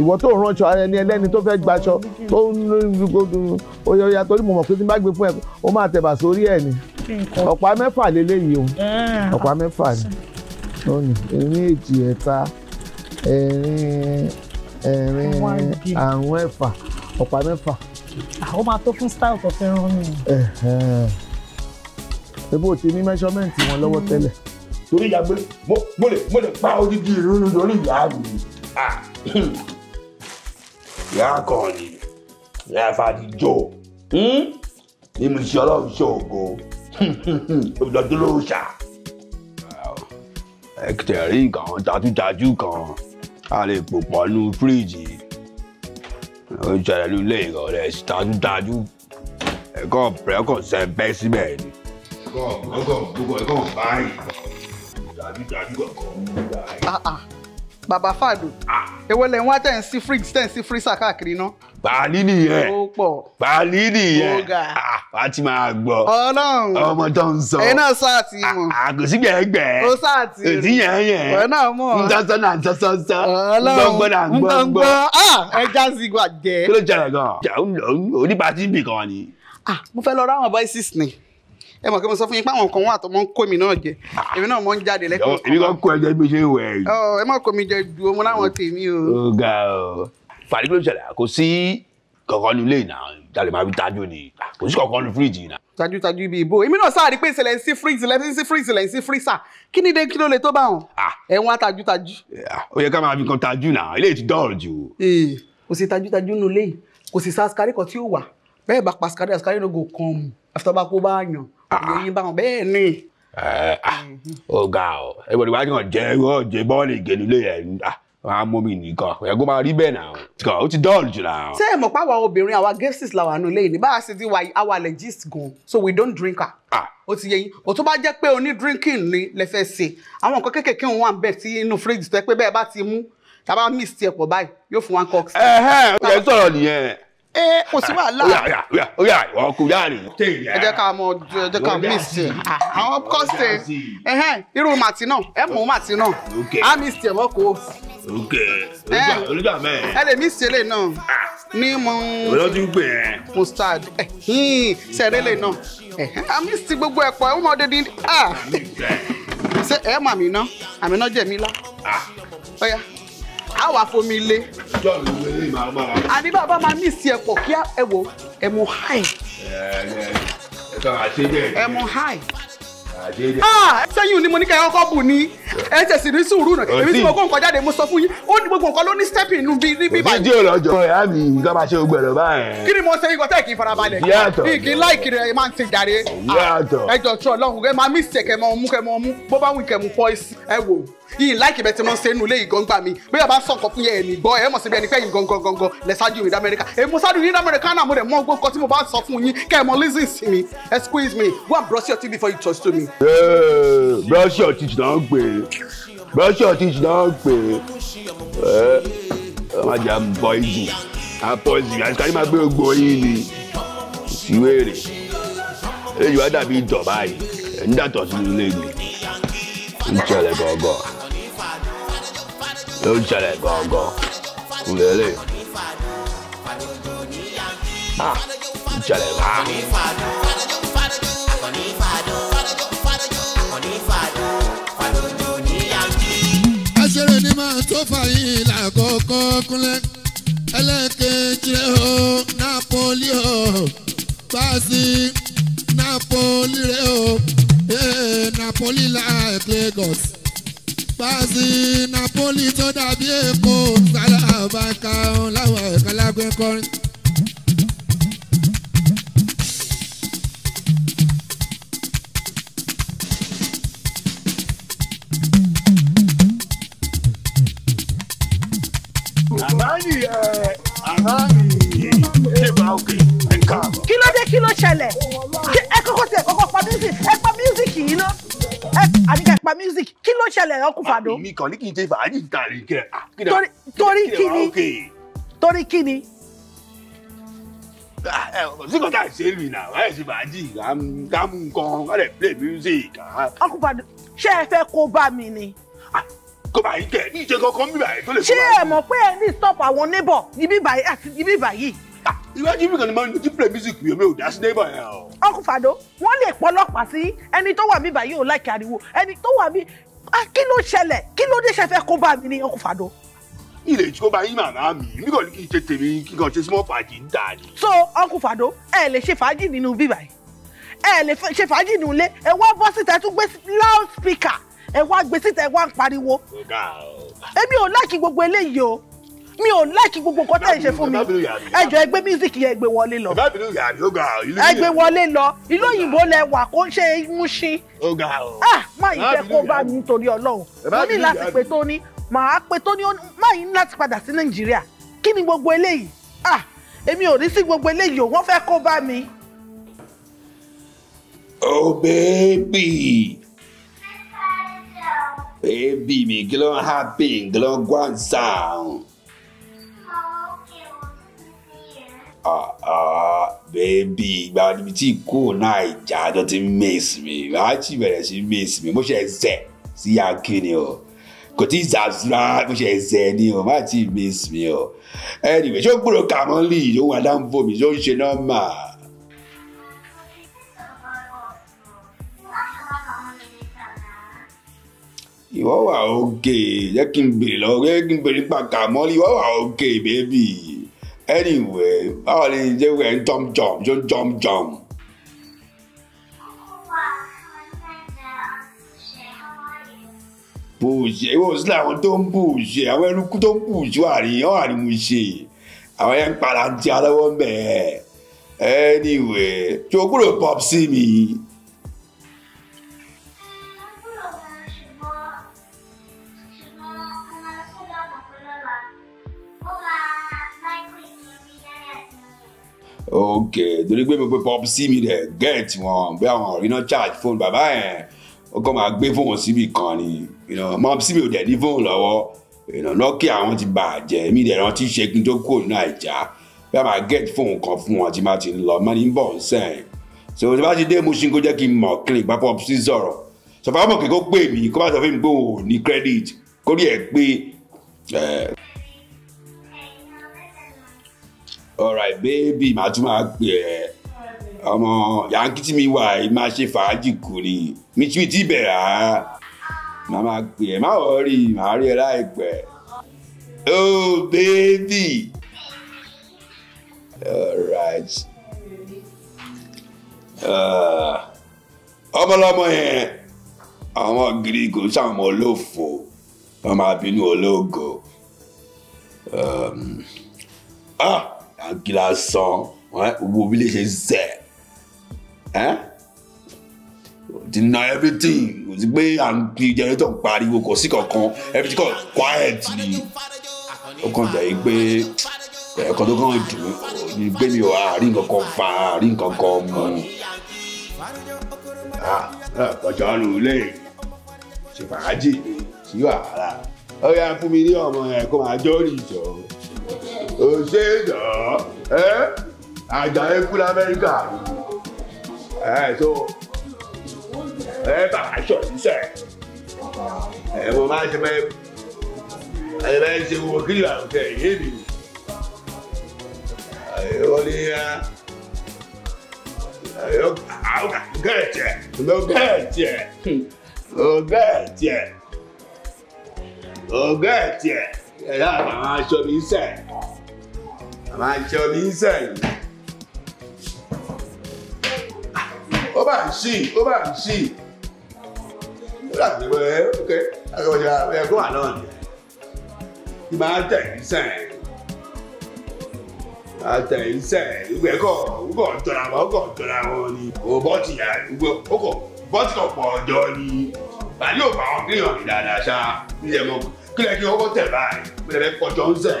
ìwọ tó ránṣọ ara ẹni ẹlẹ́ni tó fẹ́ gbaṣọ tó ń lóyún oyè torí mo mọ̀ pé tí n bá gbé fún ẹ ó máa tẹ̀bà sórí ẹ̀ ni ọ̀pá mẹ́fà lélẹ́yìí o ah. ọ̀pá mẹ́fà ni ó ní èmi èjì ẹ̀ta ẹ̀rin ẹ̀rin àrùn ẹ̀fà ọ̀pá mẹ́fà. Ah, ó máa tó fún style tó fẹ́ rán mi. ebi o ti ní mẹ́ṣọ́mẹ́ǹtì wọn lọ́wọ́ mm. tẹ́lẹ̀. torí ìyá gbé mo lè mo lè pa odidi ìrúnú lórí ìyá mi ah, ìyá kan ni ìyá ìfàdíjọ ní hmm? mo ṣe ọlọ́run ṣe ògo olùdókòwò ṣá. ẹ tẹ̀rí nǹkan jajújajú kan a lè pò pọ̀ nú fíríjì ó ṣẹlẹ̀ ní ilé ìrọ̀lẹ́ dájúdájú ẹ̀kọ́ pẹ̀lẹ́kọ̀ sẹ́ bẹ́ síbẹ̀ ni. ẹ̀kọ́ ọ̀gbọ́n gbogbo ẹ̀kọ́ báyìí dájúdájú ọ̀kọ́ mú báyìí. Ah, ah. Baba fàdù èwo lẹ̀ ń wá tẹ̀ ń sí fridge tẹ̀ ń sí freezer káàkiri ná. bàálí nìyẹn ó pọ̀ bàálí nìyẹn ah, a ti máa gbọ́ ọlọ́run ọmọ tó ń sọ ẹ̀yin náà sáàtì ah, mọ̀ ah, kò sí gbẹ̀ẹ́gbẹ́ kò sáàtì rẹ̀ èsì yẹn yẹn ọ̀rẹ́ náà mọ̀ ń tọ́sọ́ náà ń tọ́sọ́ sọ gbọ́ngbọ́n náà ń gbọ́ngbọ́n ẹja sì kí ló jẹ́ rẹ̀ gan-an oníbàtí bì kan ni. mo fẹ́ lọ ra àwọn bọ́ìsì ni ẹ mọ̀ kí mo sọ fún yín pé àwọn kan wà tó mọ̀ ń kó mi náà jẹ èmi náà mọ̀ ń jáde lẹ́kọ̀ọ́. èmi kan kó ẹjọ́ ibi ṣe ń wẹ̀. ọ ẹ má kó mi jẹ ju ọmọ láwọn tèmi o. ó ga ọ fàdí ló ṣẹlẹ̀ kò sí kankan nu ilé ìná jalè máa fi tájú ni kò sí kankan nu fíríjì iná. tájú tájú ibi ìbò èmi náà sáà rí pé ìṣẹ̀lẹ̀ sí fíríjì lẹ́sìn sí fíríjì lẹ́sìn fírísà kí ni dé kí ló lè tó bá wọn. Ah. ẹ̀wọ̀n tájú tájú. Ah, ó yẹ ká máa fi kan tájú náà ilé ti dọ́ọ̀rù jù. Eh, kò sí tájú tájú nù kò sì sá àsìkárí kan tí ó wà bẹ́ẹ̀ bá pa àsìkárí àsìkárí ló go kàn mù àfitọ́ba kó bá yàn ìròyìn bá wọn bẹ́ẹ̀ ni. ọ̀gá eh, ah, ọ̀ ẹ̀wọ̀n ìwádìí kan jẹ́ ọ̀jẹ̀ bọ́ọ̀lì ìgẹ̀lú lè yẹn ah, wọn á mú mi nìkan ẹgbẹ́ máa rí bẹ́ẹ̀ náà kan ó ti dọ́ọ̀lù jù náà. ṣé ẹ mọ̀ pé àwa obìnrin àwa gẹ́sìs làwà nù lẹ́yìn ní bá a ti wà àwa legist gan so we don't drink her. Ah. ó ti yẹ yín kò tó bá jẹ́ pé oní drinking ni lẹ fẹ́ ṣe àwọn nǹkan kéékèèké wọn wà ń bẹ̀ tí inú fridge tó yẹ pé bẹ́ẹ̀ bá ti mú tàbá mix tiẹ̀ pọ̀ báyìí yóò fún wa cox. ẹ ẹ ẹ sọ̀rọ̀ nìyẹn ẹ eh, kò sí wàhálà. ó yà ó yà ó yà ọkùnrin dáàrin. ẹ jẹ́ ká mọ ẹ jẹ́ ká miss ẹ ah, àwọn kọ́sẹ̀ eh. irú màtí náà ẹ mú màtí náà á miss ẹ wọ́n kó. Eh. ẹ lè miss ẹ lè náà ah. ní mo. olójú gbè ẹ. mustard sẹ̀rẹ̀ lè náà á miss gbogbo ẹ̀ pọ̀ ẹ̀ wọ́n ọdẹ ní. Ah. ṣé ẹ mọ àmì náà àmì náà jẹ̀mí lá. ó yá á wà fomi lé. john ló lè máa máa. àní bàbá máa ní ìsì ẹ̀pọ̀ kí ẹ wò ẹ mú high. ẹ mú high. Ah, sẹ́yìn ni mo ní kẹ́kẹ́ ọkọ̀ bù ni ẹ tẹ̀sí ní sùúrù náà èmi tí mo kó nǹkan jáde mo sọ fún yín ó ní gbogbo nǹkan ló ní step inú bí bí báyìí. òjijì ọlọjọ ìyá mi nǹkan máa ṣe gbogbo ẹ̀rọ báyìí. kí ni mo ṣe ikọ̀ tẹ́ kì í farabalẹ̀ kí kí láìkì rẹ̀ máa ń ti jàre. Ah, ẹjọ tí ọlọ́run ẹ máa mí ìsẹ̀kẹ̀ mọ́ ọmú kẹ́ mọ́ ọmú bó bá wù kẹ́ mu pọ́ ẹ wò yìí láìkì bẹ́ẹ̀ tí wọ́n ṣe nulẹ̀ yìí gọ́ngbà mi bí yàrá bá sọ nǹkan fún yẹn ẹ̀mí gbọ́ ẹ̀ mọ̀ síbi ẹni pé yìí gangan gangan lẹ̀ ṣáájú ìrìn amẹ́ríkà èyí mo ṣáájú ìrìn amẹ́ríkà náà mo dẹ̀ mọ gbogbo nǹkan tí mo bá sọ fún yín kẹ́ ẹ mọ listen sí mi excuse me go and brush your teeth before you touch to me. brush your teeth náà gbé brush your teeth náà gbé ẹ ọmọ ajá bọ ìjì àpọ̀jù àti máa gbé gbogbo yín ni ìwéèrè èyí wá dàbí ìtọ̀ báyìí ẹ̀ ń dàtọ̀ sí ilé mi ń ṣẹlẹ̀ gọ̀ọ̀gọ̀ọ̀ ló ń ṣẹlẹ̀ gangan kúlẹ̀ lè ah ń ṣẹlẹ̀ máa. aṣèré ni màá tó fàyè lákòókò kúnlẹ̀ ẹlẹ́kẹ̀ẹ́jì rẹ̀ o Napoli o paasi Napoli rẹ̀ o eh, Napoli la Lagos. Pàṣẹ Napoli tó dàbí Èkó sálà àbáka òun láwọn ẹ̀ka lágbẹ́ kọrin. Àbáyé ẹ̀ àbáyé ṣèbá òkè ẹ̀ka. Kí ló dé kí ló ṣẹlẹ̀? Ẹ kọ́kọ́ tiẹ̀ kọ́kọ́ pa mí sí ẹ pa àdìjàpá music kí ló ṣẹlẹ̀ ọkùnfàdó. Ah, mi kàn ní kí n ṣe fàájì tàrí kẹ. Ah, torí kí ni torí kí ni. síkò ah, tá à ṣe lù iná wáyé ṣe fàájì kámú nǹkan kálẹ̀ play music. ọkùnfàdó ṣé ẹ fẹ́ kó bá mi ni kó bá yìí kẹ ní ìṣe kankan bíbá yìí tó lè kó bá yìí. ṣé ẹ mọ̀ pé ẹ ní stop àwọn neighbor ibi báyìí àti iwájú ibìkan ni mo ti play music mi èmi ò dá sí neighbor yẹn o. ọkùn fàdó wọn lè pọlọpàá sí ẹni tó wà mí báyìí ò láìkí ariwo ẹni tó wà mí kí ló ṣẹlẹ̀ kí ló dé ṣe fẹ́ kó bá mi ní ọkùn fàdó. ilé tí kò bá yín màmá mi mi kò ní kí n ṣe tèmi kí n kàn ṣe small fàájì ń dà ni. so ọkùn fàdó ẹ lè ṣe fàájì nínú bíbá yìí ẹ lè ṣe fàájì nínú ilé ẹ wá bọ́ síta ẹ tún gbé loud speaker ẹ wá gbé síta ẹ wá ń pariwo. èmi mi ò láìkí gbogbo nǹkan tẹ̀ fún mi ẹjọ́ ẹgbẹ́ mísíkì yẹn ẹgbẹ́ wọlé lọ ẹgbẹ́ wọlé lọ ìlú òyìnbó lẹ wà kó ń ṣe múṣin ah má yìí jẹ́ kó bá mi nítorí ọlọ́run mo ní láti pè tó màá pè tó má yìí ní láti padà sí nàìjíríà kí ni gbogbo eléyìí ah èmi ò rí sí gbogbo eléyìí o wọ́n fẹ́ kó bá mi. oh baby baby mi kí ló ń happy kí ló ń bẹ́ẹ̀bì ìgbà níbi tí ìkó náà ìjà àjọ ti ń mèsì mi màá sì bẹ̀rẹ̀ sí mèsì mi mo ṣe ẹsẹ̀ sí yankí ni o kò tí ì zàzúrà mo ṣe ẹsẹ̀ ni o má ti mèsì mi o anyway ṣé ó gbúrò kàmọ́lì ló wà dáńbò mi ló ń ṣe nọ́mbà. ìwọ wà ókè jẹ́ kí n bèrè lọ́wọ́ jẹ́ kí n bèrè nípa kàmọ́lì ìwọ wà ókè bẹ́ẹ̀bì anyway báwo ni ìjẹ́ ẹ̀ ń jọm jọm jọm jọm jọm. bùjẹ ìwọ sí làwọn tó ń bùjẹ àwọn ẹrúkú tó ń bùjẹ wà ní wọn àní mo ṣe àwọn yẹn ń para ti alọ́wọ́ ń bẹ̀ ẹ́ anyway tó kúrò pop sí mi. ok torí pé mo pe pop sí mi rẹ̀ get wọn bí àwọn ọ̀rìnà charge phone bàbá yẹn ó kọ́ máa gbé fóònù síbi kan ni mọ̀ sí mi ò dẹ̀ ní fóònù lọ́wọ́ lọ́kì àwọn ti bàjẹ́ mi dẹ̀ rántí ṣe kí n tó kúrò nínú àìjá bí a máa get phone kan fún wọn tí máa ti lọ mọ́ ní bọ̀ ń sẹ́yìn so tí bá ti dé Mushin kó jẹ́ kí n mọ̀ kí n pop sí sọ̀rọ̀ sọ̀fà mọ̀ kí n kó pè mí kó bá sọ fún mi pé òun ní credit kó rí ẹ̀ pé alright baby màá tún máa pè ẹ́ ọmọ yankí tí mi wà yìí máa ṣe fàájì kù ni mi tún ti bẹ̀rẹ̀ á màá máa pè ẹ́ má wọrí màá rí ẹ láìpẹ́ oh baby alright uh, ọmọlọmọ yẹn àwọn gírí kò sáwọn olófò wọn ológo. Um, ah àǹkí lásán owó bí lè ṣe zẹ̀ deny everything kò sí pé à ń gbin jẹrẹtọ̀ ń pariwo kò sí kankan everything kan quiet ni ó kàn jẹ́ pé ẹ̀ẹ̀kan tó kàn dùn ní pé mi ò àárín kankan fa àárín kankan mu ọjọ́ ló lè ṣe fàájì ní sí wàhálà ó yà fún mi ní ọmọ ẹ̀ kó máa jọ́ ìjọ òṣèlú ẹ àjà ikú lamẹ́ríkà ẹ tó ẹ bá aṣọ sísẹ ẹ mo máa ṣe bẹ́ẹ̀ ẹ bẹ́ẹ̀ ṣe wo kí ìlànà tẹ yé mi ẹ wọ́n ní ya ẹ yọ gẹ̀ẹ́tì ẹ lọ gẹ̀ẹ́tì ẹ̀rọ àwọn aṣọ mi ń sẹ̀ àwọn aṣọ mi ń sẹ̀ ó bá ń ṣì ó bá ń ṣì ó dà bí ẹ ok àgbẹ̀wọ̀jà ẹ kó wà náà ni ẹ máa tẹ̀ ń sẹ̀ àtẹ̀yìnsẹ̀ ìwé ẹ̀kọ́ ọkọ̀ tọ́ra wọn ọkọ̀ tọ́ra wọn ni o bọ́ọ̀tì yà ìwé ọkọ̀ bọ́ọ̀tì ọ̀pọ̀ ọjọ́ ni bàálù ò bá wọn kéèyàn rí dáadáa ṣá nílẹ̀ mọ́kù kílẹ̀ kí ọkọ̀ tẹ̀ báyìí bẹ̀rẹ̀ kọjọ́ ń sẹ̀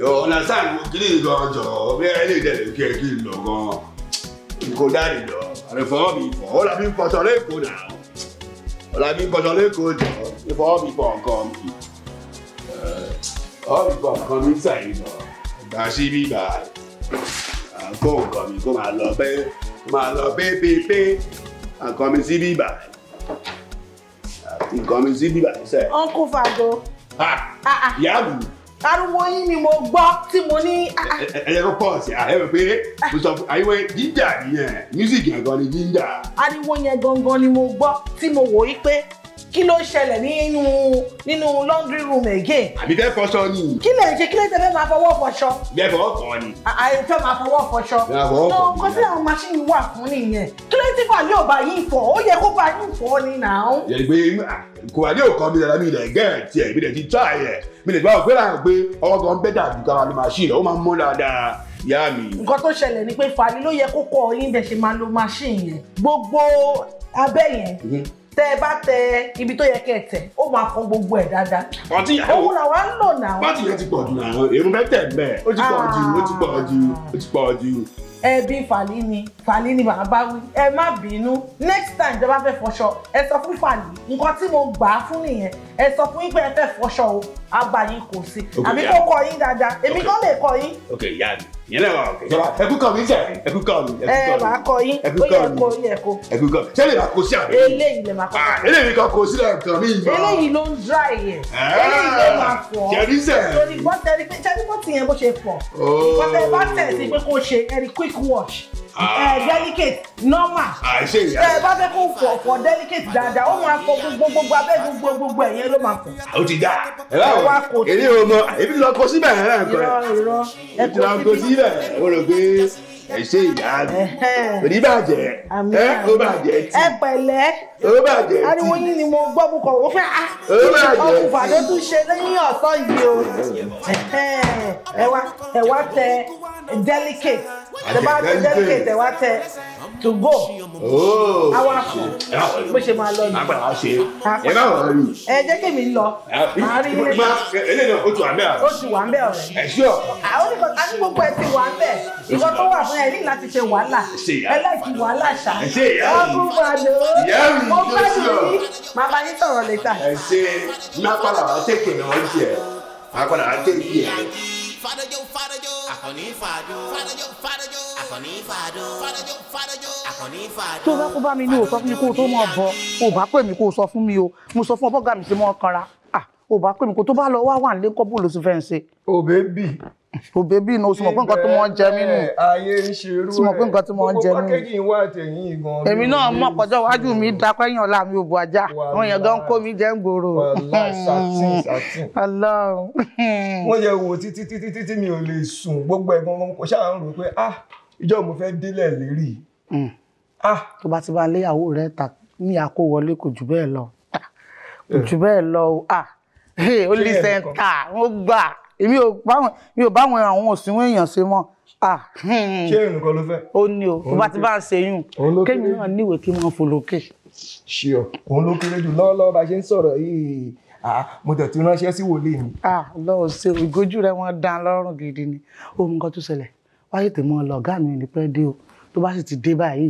yọ understand wo kiri nǹkan jọ bí ẹ lè dẹ̀lẹ̀ kí ẹ kí n lọ gan nǹkan dáàdì lọ àrẹ̀fọ́ mi fọ́ ó làbí ń pọ̀tọ́ lẹ́kọ̀ọ́ nà ó làbí ń pọ̀tọ́ lẹ́kọ̀ọ́ jọ ìfọ́ mi fọ́ nǹkan mi ọ́ mi fọ́ nǹkan mi sàyìn lọ gbà sí mi gbà kó nǹkan mi kó máa lọ pé máa lọ pé pé pé nǹkan mi sí mi gbà nǹkan mi sí bíbá sẹ. uncle fago. Ah, ah. ìyá àbù. ariwo yín ni mo gbọ́ tí mo ní. ẹyẹ kó pọ́ọ̀sì àhẹ́wẹ̀ pé mo sọ fún àyẹ̀wò jíjà nìyẹn music yẹn gan ni jíjà. ariwo yẹn gangan ni mo gbọ́ tí mo wò í pé kí ló ṣẹlẹ̀ nínú nínú laundry room again. àbí fẹ́ fọṣọ ni. kí lè ṣe kí lè tẹ́lẹ̀ máa fọwọ́ fọṣọ. bẹ́ẹ̀ fọwọ́ fọ ni. àyè fẹ́ máa fọwọ́ fọṣọ. máa fọwọ́ fọ ni. nǹkan tí àwọn machine wà fún nìyẹn. kí lè tí fàlẹ́ ò bá yín fọ ó yẹ kó bá yín fọ ni náà. yẹ̀rì pé ah, kò wà ní òkan mi dada mi lè gẹ́ tiẹ̀ mi lè ti tá ẹ̀ mi lè gbà wọ́n fẹ́ràn pé ọwọ́ gan bẹ́ẹ̀ dàbí kára ní machine ó máa ń mọ́ dáadáa ìyá mi. nǹkan tó ṣẹlẹ̀ ni pé fani ló yẹ kó kọ́ ọ yín bẹ̀ ṣe máa lo machine yẹn gbogbo abẹ́ yẹn mhm tẹ ẹ bá tẹ ibi tó yẹ kẹ tẹ ó máa kọ gbogbo ẹ dáadáa. pọtí yẹn owó làwa ń lò náà. pọtí yẹn ti pọ̀ jù náà èrò bẹ́ẹ̀ tẹ̀ bẹ́ẹ̀ ó ti pọ̀ jù ó ti pọ̀ jù ó ti pọ̀ jù. ẹbí fàlí ni fàlí ni màá bá wí ẹ má bínú next time ìjọba fẹ́ fọṣọ ẹ sọ fún fàlí nǹkan tí mo gbà á fún nìyẹn ẹ sọ fún yín pé ẹ fẹ́ fọṣọ o àgbà yín kò sí àbí kó kọ yín dáadáa èmi kàn lè kọ yín. ok ìyá mi ìyẹn náà wà òkè. ẹkú kan mi jẹrìí ẹkú kan mi. ẹ máa kọ yín ó yẹ kó ó yẹ kó. ẹkú kan ṣé lè máa kó sí ah, àbẹ. eléyìí lè máa kó. eléyìí kan kó sílẹ̀ nǹkan mi yìí. eléyìí ló ń dry yẹn. Ah, eléyìí ló máa fọ. jẹrí sẹ. torí bọ́tẹ̀ rí pé jẹrí bọ́tẹ̀ yẹn bó ṣe fọ. Oh. bọ́tẹ̀ bá tẹ̀ sí pé kó ṣe ẹ̀rí quick wash. Ah, eh, delicate normal ẹ ah, eh, bá fẹ́ kó fọ̀ fọ̀ delicate dáadáa ó máa fọ̀ gbogbo gbogbo abẹ́ gbogbo gbogbo ẹ̀yẹ ló máa fọ̀. ó ti dá ẹ bá wọ èmi ò mọ èmi lọ kó síbẹ̀ ẹ náà kọ ẹ ìtura kó síbẹ̀ o rò pé ẹ ṣe ìyá mi òní bàjẹ́ ẹ ó bàjẹ́ tì ẹ pẹ̀lẹ́ ó bàjẹ́ tì ariwo yín ni mo gbọ́ bukọ̀ ó fẹ́ a ah, ó bàjẹ́ tì ọkùnfà ló tún ṣe lẹ́yìn ọ̀sán yìí o ẹ wá tẹ delicate ẹ bá tẹ delicate ẹ wá tẹ to go awa oh. kù bó ṣe máa lọ yìí ẹ bá wọ̀ rí ẹ jẹ́ kí mi lọ àárín ilé náà ó ti wà ń bẹ̀ ọ̀rẹ́ ó ti wà ń bẹ̀ ọ̀rẹ́ ẹ̀ ṣí ọ̀ àwọn onígbàgbọ́ ẹ̀ ti wà ń bẹ̀ ìgbà wà fún ẹ ní láti ṣe wàhálà ẹlẹ́kì wàhálà ṣá ọdún bàdó mo bá yìí máa bá yín sọ̀rọ̀ lẹ́tà. ẹ ṣe máa padà wá tẹ̀kẹ̀ náà ń tiẹ̀ máa padà wá tẹ̀kẹ̀ ẹ̀. Fadajo fadajo Akoni fado Fadajo fadajo Akoni fado Fadajo fadajo Akoni fado. Tó bá kó bá mi ní o sọ fún mi kó o tó mọ̀ bọ̀, o bá pè mí kó o sọ fún mi o, mo sọ fún ọbọ̀gá mi sí mọ́ kanra, ah o bá pè mí kó o tó bá lọ wá wà nílé kọ́ bó lóṣù fẹ́ ń ṣe. Òbẹ́ oh, bì o bèbí inú o sì mọ̀ pé nǹkan tí wọ́n ń jẹ mí nù ayé ń ṣe irú rẹ̀ sì mọ̀ pé nǹkan tí wọ́n ń jẹ mí nù pàkéjì ìwọ àtẹ̀yìn gan-an. èmi náà mọ̀ pọ̀jọ́ iwájú mi dakọ́ ah, mo fẹ́ délẹ̀ lérí. Hmm. Ah. tó bá ti bá léyàwó rẹ ta ní àkó wọlé kò jù bẹ́ẹ̀ lọ kò jù bẹ́ẹ̀ lọ ah. ó lè sẹ́ńtà wọ́n gbà èmi ò báwọn mi ò báwọn àwọn òsínwó èèyàn ṣe mọ́ ah, hmm. ṣé ìrùn kan ló fẹ́. ó ní o tó bá ti bá ń ṣe yún kémi náà níwèé kí wọ́n fò lókè. ṣé o òun ló kéré jù lọ́wọ́lọ́wọ́ bá ṣe ń sọ̀rọ̀ yìí ah, mo tẹ̀ tí ránṣẹ́ sí wòlíì mi. Ah, lọ́wọ́ ṣe ìgójú rẹ wọ́n dán lọ́rùn gidi ni ó mú nǹkan tó ṣẹlẹ̀ wáyé tèmi ọ̀la ọ̀gá mi ní pẹ́ dé o tó bá sì ti dé báyìí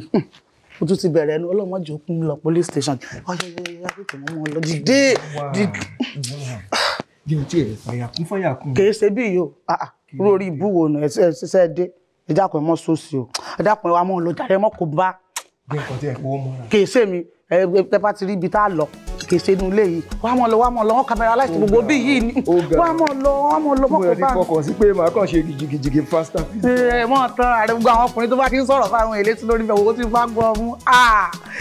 o tún ti bẹ̀rẹ̀ ẹnu ọlọ́mọ jẹ́ òkun lọ police station ọ̀yọ̀yọ̀ yàrá tèmi ọmọ lọ dìde jẹ́ o tí ẹ̀ fàyàkún fàyàkún. kì í ṣe bí yìí o ah, ah. rórí ibú wo nà ẹsẹ ẹsẹ dé ẹjá kan mọ sósì o ẹjá kan wa mọ lọ jàre mọ kó bá. bí kì í ṣe mi ẹ bá ti rí ibi tá a lọ kì í ṣe inú ilé yìí wàá mọ̀ lọ wàá mọ̀ lọ wọ́n kámẹ́rà aláìsí gbogbo bí yìí ni wàá mọ̀ lọ wàá mọ̀ lọ mọ̀ bá. mo rí fọkàn sí pé màá kàn ṣe jìgìjìgì faster. ẹ mọ tán àrẹ gbogbo àwọn ọkùnrin tó bá ti ń sọ̀rọ̀ fáwọn èlé sí lórí ìfẹwò tí bá gbọ́ ọmú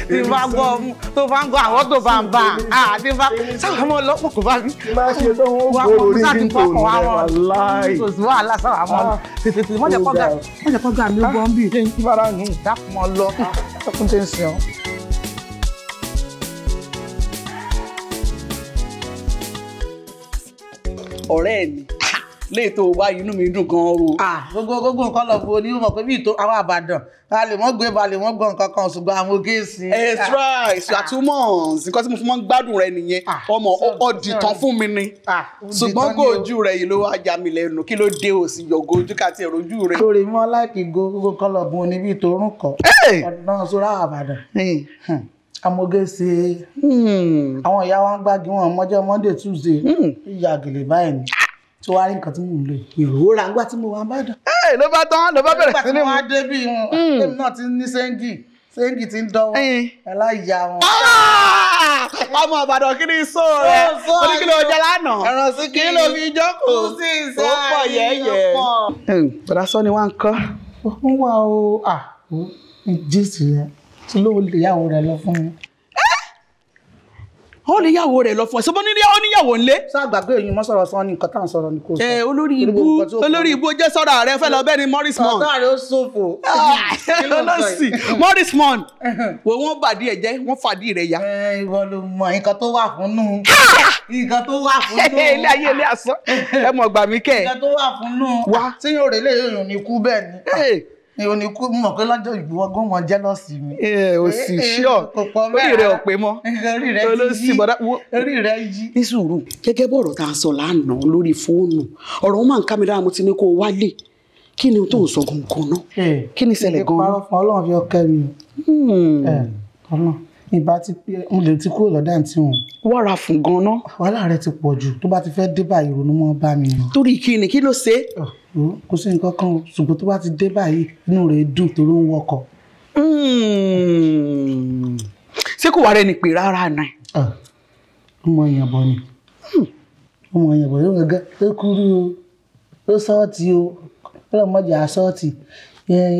tí bá gbọ́ ọmú tó bá ń gbọ́ àwọn tó bá ń bá tí bá sábà mọ̀ lọ mọ̀ kó bá mi. má ṣe tó ọ̀rẹ́ mi léè tó wá inú mi dùn gan o. gbogbo gbogbo nǹkan lọ bo ni mọ̀ pé bí ìtò àwọn àbàdàn a lè mọ́ gbé ba lè mọ́ nǹkan kan ṣùgbọ́n àwọn oge sí. that's right àtúmọ̀ nǹkan tí mo fi mọ́ ń gbádùn rẹ nìyẹn ọmọ ọdì tán fún mi ni ṣùgbọ́n góòjú rẹ yìí ló wá ya mi lẹ́nu kí ló dé o sì yọ̀gọ̀ ojú káti ẹ̀rọ rẹ. torí mọ́ láìkì gbogbo nǹkan lọ bo ni bí ìtò amọ̀gẹ́sẹ̀ hmm. àwọn ìyá wa ń gbági wọn mọ́jọ́ monday tuesday hmm. ìyá gèlè báyìí ni tí wàá rí nǹkan tí mò ń lò ìrora ńgbà tí mo wà bá dàn. ẹ ló bá tán ló bá bẹ̀rẹ̀ sí ni mo. nígbà tí wọ́n á dé bí wọn hmm. èmi náà ti ní sẹ́ńgì sẹ́ńgì ti ń dánwọ́ eh. ẹláyà wọn. Ah! ọmọ ìbàdàn kí ni iṣó rẹ oní kí ló jẹ lánàá ẹran sí kí ló fi jókòó sí iṣẹ́ ó pọ̀ yẹ́yẹ́. bàdà sọ ni wọ́n ń kọ́. wà ó à jíìsì rẹ̀ ló lè yàwó rẹ̀ lọ fún mi. ó lè yàwó rẹ̀ lọ fún ọ ṣùgbọ́n nílé ó níyàwó ńlé. sá gbàgbé èyí mọ́ sọ̀rọ̀ sọ́ni nǹkan tá à ń sọ̀rọ̀ ni kò sọ. ẹ olórí ibú olórí ibú jẹ́ sọ́ra rẹ fẹ́ lọ ni Morris Mon. ọ̀gá rẹ̀ ó sòfò. ọlọ́sì ah, Morris Mon wo wọ́n bàdí ẹ̀ jẹ́ wọ́n fàdí rẹ̀ ya. ìwọ ló mọ nǹkan tó wà fún nù. nǹkan tó wà fún nù. ilé ayé ilé asán ẹ mọ̀ gbà mí kẹ́. nǹkan tó wà fún nù. wá tí yóò rẹ̀ lè yóò ní ikú bẹ́ẹ̀ ni o ní kú mọ̀ pé lọ́jọ́ ìgbìwọ́ gún mọ́ jẹ́lọ́sì mi. ẹ ò sì ṣíọ orí rẹ ò pé mọ́ orí rẹ yí. ní sùúrù gẹ́gẹ́ bí ọ̀rọ̀ tá a sọ lánàá lórí fóònù ọ̀rọ̀ máa ń ká mi lára mo ti ní kó o wálé kí ni tó ń sọ gangan náà kí ni ṣẹlẹ̀ gan-an. ìparọ́ fún ọlọ́run fi ọkẹ́ mi. Hmm. ọlọ́run ìbá ti pé n lè ti kúrò lọ́dà tí òun. wọ́ra fún ganan. wàhálà rẹ ti pọ̀ jù tó bá ti fẹ́ dé báyìí ronú mọ́ bá mi. torí kí ni kí ló ṣe. Ah, kò sí nǹkan kan ṣùgbọ́n tó bá ti dé báyìí inú rẹ̀ dùn torí ń wọkọ̀. Hmm. ṣé kò wá rẹ ni pé rárá ni. Ah, ọmọ èèyàn bọ̀ ni hmm. ọmọ èèyàn bọ̀ yóò gẹ́gẹ́ ó kúrú o ó sọ́ọ̀tì o ó lọ́ọ́ mọ̀jà sọ́ọ̀tì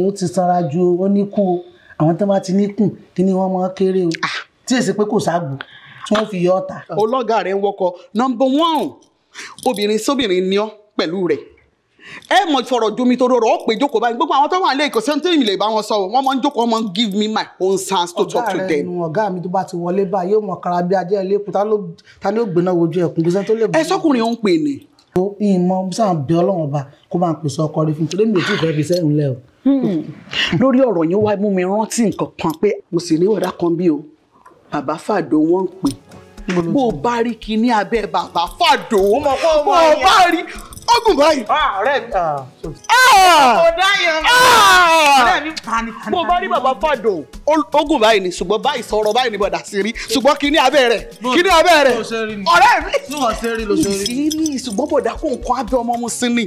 ó ti sanra ju ó o àwọn tó bá ti ní kùn kí ni wọ́n máa kéré o ah. tí èsì pé kò ságbo tí wọ́n fi yọ ọ̀tà. ọlọ́gà rẹ̀ ń wọkọ̀ nọmba one obìnrin sóbìnrin ni ọ́ pẹ̀lú rẹ̀ ẹ mọ ìfọ̀rọ̀ jomi tó rọrọ̀ ọ́ pé jókòó báyìí gbogbo àwọn tó wà ní èkó sẹ́ńtì ìmìlẹ̀ ìbá wọn sọ wọ́n máa ń jókòó wọ́n máa ń give me my own chance to talk to them. ọ̀gá mi tó bá ti wọlé báyìí yóò mọ kara bí ajẹ́ ilé ta ló gbéná wojú ẹ̀kún gbèsè tó lè bọ̀. ẹ sọkùnrin ò ń pè ní ìmọ̀ sáà bẹ ọlọ́run ọba kó máa pèsè ọkọ rẹ fún mi torí mi ò fi sẹ́yìn lẹ́ o. Hmm. lórí ọ̀rọ̀ yẹn wá mú mi rántí nǹkan kan pé mo sì rí kan bí o bàbá fàdó wọ́n ń pè bó o bá rí kinní abẹ́ bàbá fàdó bó o bá rí ogun báyìí. Ah, ọ̀rẹ́ mi ah, ah! kò dáyọ̀ ọ̀rẹ́ mi panikani. mo bá rí bàbá fàdò ogun báyìí ni ṣùgbọ́n báyìí sọ̀rọ̀ báyìí ni bọ̀dà sí rí ṣùgbọ́n kí ní abẹ́ rẹ̀ kí ní abẹ́ rẹ̀ ọ̀rẹ́ mi. ṣùgbọ́n bọ̀dà kò ń kọ́ abẹ́ ọmọ mu sí ni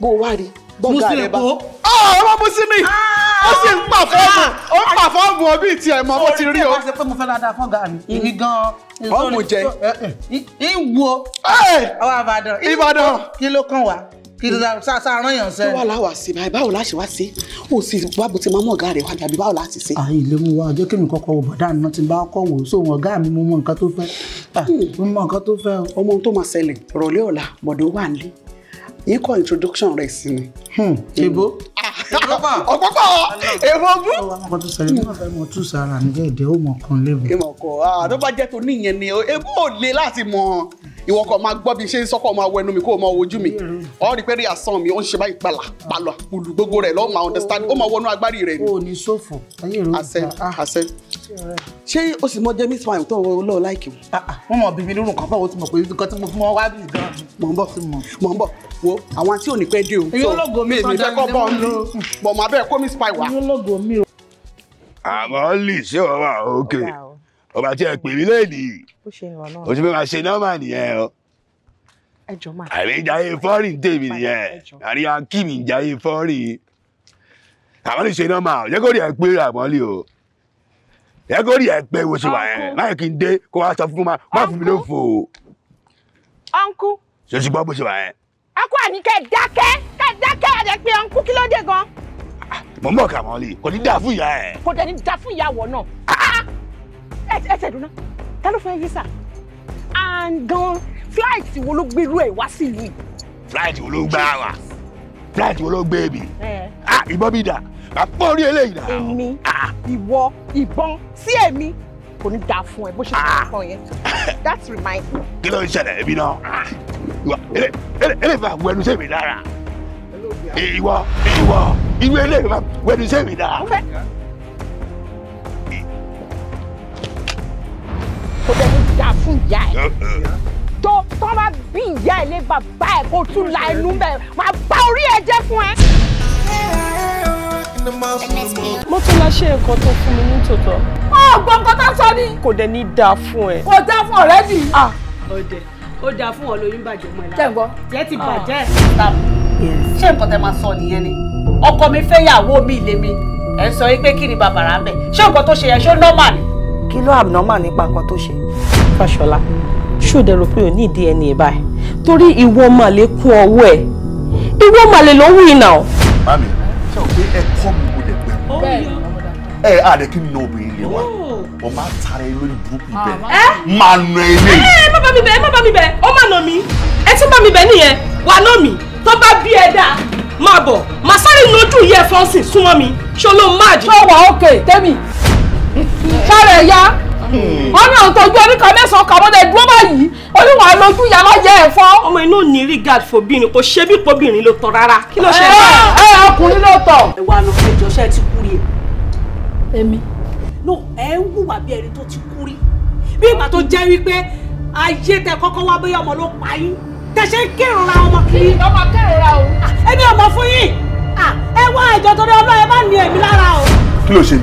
bó wá rí i gbọ́ngà rẹ bá. ọmọ musini ah! ó sì ń pa fọ́ọ̀mù ó ń pa fọ́ọ̀mù ọbí ti ẹ̀ mọ́ bó ti rí o. ó ṣe pé mo fẹ́ dáadáa fún ọ̀gá mi èmi mm. gan-an. fọ́ọ̀mù jẹ. Eh, eh, ìwo ọwọ́ àbàdàn ìbàdàn kí ló kàn wá kìlọ̀ sàrán yàn sẹ́. wà láwà sí báyìí báwo la ṣe wá sí o sì wá bó ti máa mú ọ̀gá rẹ̀ wá dàbí báwo la ti ṣe. àyè ilé mu wa jẹ́ kí mi kọ́kọ́ wò bọ̀dá àná tí n bá kọ́ wò so wọn ọ̀gá mi mo mọ nǹkan tó fẹ́ ah, mo mọ nǹkan tó fẹ́. ọmọ tó máa ṣẹlẹ̀ rọ̀lẹ́ ọ̀la bọ̀dọ̀ wà nílé yín kọ́ introduction rẹ̀ sí ni. Hmm, ebo ebopá ọ̀pọ̀pọ̀ ebobu. ọkọ tó sọ yìí nígbà fẹ́ mọ tùsà ara mi jẹ́ ìdẹ́wò mọ̀ kan lébù. ìmọ̀ kọ àdó bá jẹ́ tó ní ìyẹn ni ebó ò le láti mọ ìwọ kọ máa gbọ́ bí ṣe ń sọ́kọ̀ máa wọ ẹnu mi kó o máa wojú mi ọ̀rọ̀ rí pé rí àsán mi ó ń ṣe báyìí pàlà pàlà gbogbo rẹ̀ lọ́ọ́ máa understand ó máa wọnú agbárí rẹ̀ ni. o ò ní sófò ayé rẹ̀ ó gbà á. àṣẹ àṣẹ ṣé o sì mọ jẹ miss wine tó lọ láìkì o. wọ́n mọ̀ bí mi lórun kan báwo ti mọ̀ pé nǹkan tí mo fún wọn wá bí gan. mọ̀ ń bọ̀ mọ̀ ń bọ̀ wo àwọn àti òní pẹ́ dé o. èyí ológo mi èmi fẹ́ kọ́ bọ́ mi bọ̀ mọ̀ abẹ́ kó miss pie wá. èyí ológo mi o. àmọ́ lì ṣé wọ́n wà ókè ọba tí ẹ pè mí lẹ́nìí o ti fẹ́ máa ṣe nọ́mà nìyẹn o. àríjáyé fọ́ọ̀rì tèmi nìyẹn àríyá kí mi jáyé fọ́ọ̀rì àmọ́ lì ṣe nọ́mà ò jẹ́ kó rí ẹ pé àmọ́ lì o ẹ kò rí ẹ pé wo ṣe wà yẹn láyé kí n dé kó wá sọ fún ma má fún mi ló fò. ọ̀nkú. ṣe ti gbọ́ bó ṣe wà yẹn. ọkọ àní kẹ dákẹ́ kẹ dákẹ́ àdẹ pé ọ̀nkú kí ló dé gan. mo mọ̀ kà mọ́ kò ní dà fún ìyá ẹ̀. kò dẹ̀ ní dà fún ìyàwó náà. Ah, ah, ah. ẹ tẹ̀ dùnà ta ló fẹ́ visa and gan flight wo ló gbé irú ẹ̀ wá sílùú yìí. flight wo ló gbá wa flight wo ló gbé eh. Ah, ìbọn mi dà àpò orí eléyìí dà. èmi ìwọ ìbọn sí èmi kò ní dáa fún ẹ bó ṣe sọ fún yẹn that's remind me. kí ló ń ṣẹlẹ̀ ẹbí náà ìwọ eléyìí máa wọ ẹnu sẹ́mi lára ìwọ ìwọ ìwọ eléyìí máa wọ ẹnu sẹ́mi lára. kò dẹ̀ ní dáa fún ìyá ẹ̀. Uh-uh tó tó bá bí ìyá ẹ̀ lé bàbá ẹ̀ kó tún la ẹnu bẹ̀ máa bá orí ẹ jẹ́ fún ẹ. mo tún lọ ṣe nǹkan tó fún mi ní tòótọ́. ó gbọ́ nǹkan tó sọ ni. kò dẹ̀ ní dáa fún ẹ. kò dáa fún ọ̀rẹ́ mi. ọ̀dẹ̀ ah. ó dáa fún ọ lóyún bàjẹ́ mọ́ ẹ lára. jẹ́ǹgbọ́ jẹ́ ti ah. bàjẹ́. ṣé nǹkan tẹ máa sọ nìyẹn ni ọkọ mi fẹ́ yàwó mi ilé mi ẹ̀ sọ yí pé kí ni bàbàrà ń bẹ̀ ṣé nǹkan tó ṣe yẹn ṣó nọ́mà ni. kí ló abnormal nípa nǹkan tó ṣe. fàṣọlá ṣòdẹ rò pé ò ní ìdí ẹni ẹ̀ báyìí torí ìwọ mà lè kún ọwọ́ ẹ̀ ìwọ mà lè lọ́wọ́ ìnà. mami ṣe o pé ẹ kọ́ mi mo lè pẹ́ ẹ àdẹ kí n na obìnrin lè wá o máa tara ẹ lórí burúkú bẹ́ẹ̀ máa nà ẹ lé. ẹ má bá mi bẹ ẹ má bá mi bẹ ọ má nà mí ẹ tún bá mi bẹ nìyẹn wà nà mí tó bá bí ẹ dáa máa bọ̀ máa sáré lójú yẹ fọ́nsìn súnmọ́ mi ṣọlọ́ máàjì. ṣọwọ́ òkè tẹ́mi ṣáré ya. Hmm. ọ̀nà òtọ́jú oríkan mẹ́sàn-án kan mọ́lẹ̀ dúró báyìí olúwa lójú ìyá má jẹ́ ẹ̀fọ́. ọmọ inú ò ní rí gàd fòbìnrin kò ṣe bí pobìnrin ló tọ rárá kí ló ṣe bá. ẹ eh, ẹ eh, ọkùnrin ló tọ. ẹ wà lọ ẹjọ ṣe ti kú rí e. èmi. no ẹ ń wùwà bí ẹni tó ti kú rí bí ìgbà tó jẹ́ wípé ayé tẹ kọ́kọ́ wá bóyá ọmọ ló pa yín tẹ ṣe ń kérora ọmọ kiri. ọmọ kérora o. ẹni ah, ọmọ fún yín ah, ẹ wá ìjọ torí ọlọ́ ẹ má ní èmi lára o. kí ló ṣe